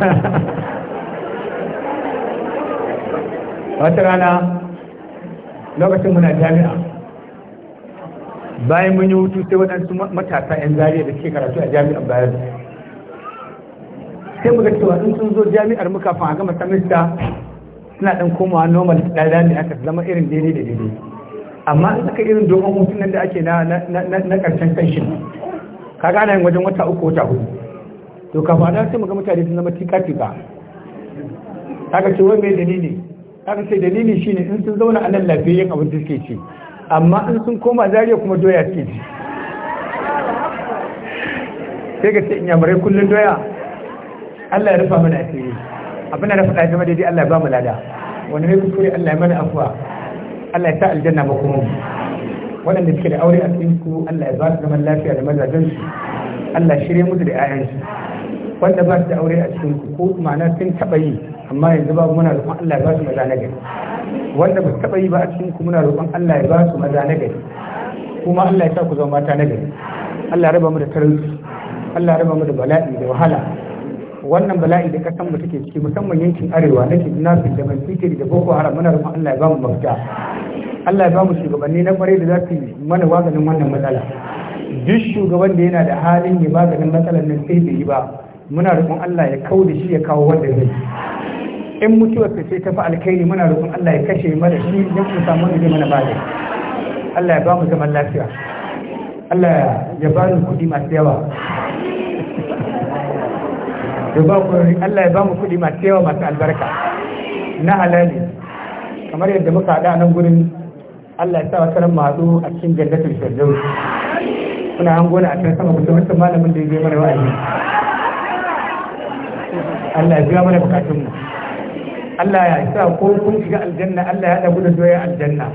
ha ha ha wata rana lokacin muna jami'a bayan mun yi hutu sai waɗansu matasa 'yan zariya da suke karatu a jami'ar bayan sai muka cewa in sun zo jami'ar muka fa a gama samista suna ɗan komawa normal da jami'a ta zama irin daidai da daidai amma in suka irin dogon hutun nan da ake na na ƙarshen kanshi ka gane yin wajen wata uku wata hudu to kafa a sai muka mutane sun zama tika-tika kaga ce wai mai dalili aka ce dalili shine in sun zauna a nan lafiyayyen abin suke ci amma in sun koma zariya kuma doya suke ci sai ka ce in yamurai kullum doya Allah ya rufa mana asiri abin da faɗa game daidai Allah ba mu lada wani ne kuskure Allah ya mana afuwa Allah ya sa aljanna ba kuma waɗanda suke da aure a cikin ku Allah ya ba su zaman lafiya da mazajen su Allah shirye musu da 'ya'yansu wanda ba su da aure a cikin ku ko ma'ana sun taɓa yi amma yanzu babu muna roƙon Allah ya ba su maza na gari wanda ba su taɓa yi ba a cikin ku muna roƙon Allah ya ba su maza na gari kuma Allah ya sa ku zama mata na gari Allah ya raba mu da tarihi Allah ya raba mu da bala'i da wahala wannan bala'i da kasan mu take ciki musamman yankin arewa na fi da bantikiri da boko haram muna roƙon Allah ya ba mu mafita Allah ya ba mu shugabanni na kwarai da za su mana waganin wannan matsala duk shugaban da yana da halin ya maganin matsalar nan sai bai yi ba muna rukun Allah ya kawo da shi ya kawo wanda zai in mutuwar ta ce ta fi alkhairi muna rukun Allah ya kashe mana shi ya kusa samu da zai mana bada Allah ya ba mu zaman lafiya Allah ya ba mu kuɗi masu yawa ya ba ku Allah ya ba mu kuɗi masu yawa masu albarka na halali kamar yadda muka haɗa nan gurin Allah ya sa wasu ran masu a cikin jannatin firdaus kuna hangona a can sama kusa wancan malamin da ya je mana wa'azi Allah ya biya mana bukatun mu Allah ya sa ko kun shiga aljanna Allah ya dabu da doya aljanna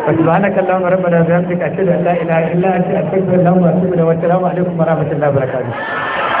فسبحانك اللهم ربنا وبحمدك اشهد ان لا اله الا انت استغفرك اللهم واتوب اليك والسلام عليكم ورحمه الله وبركاته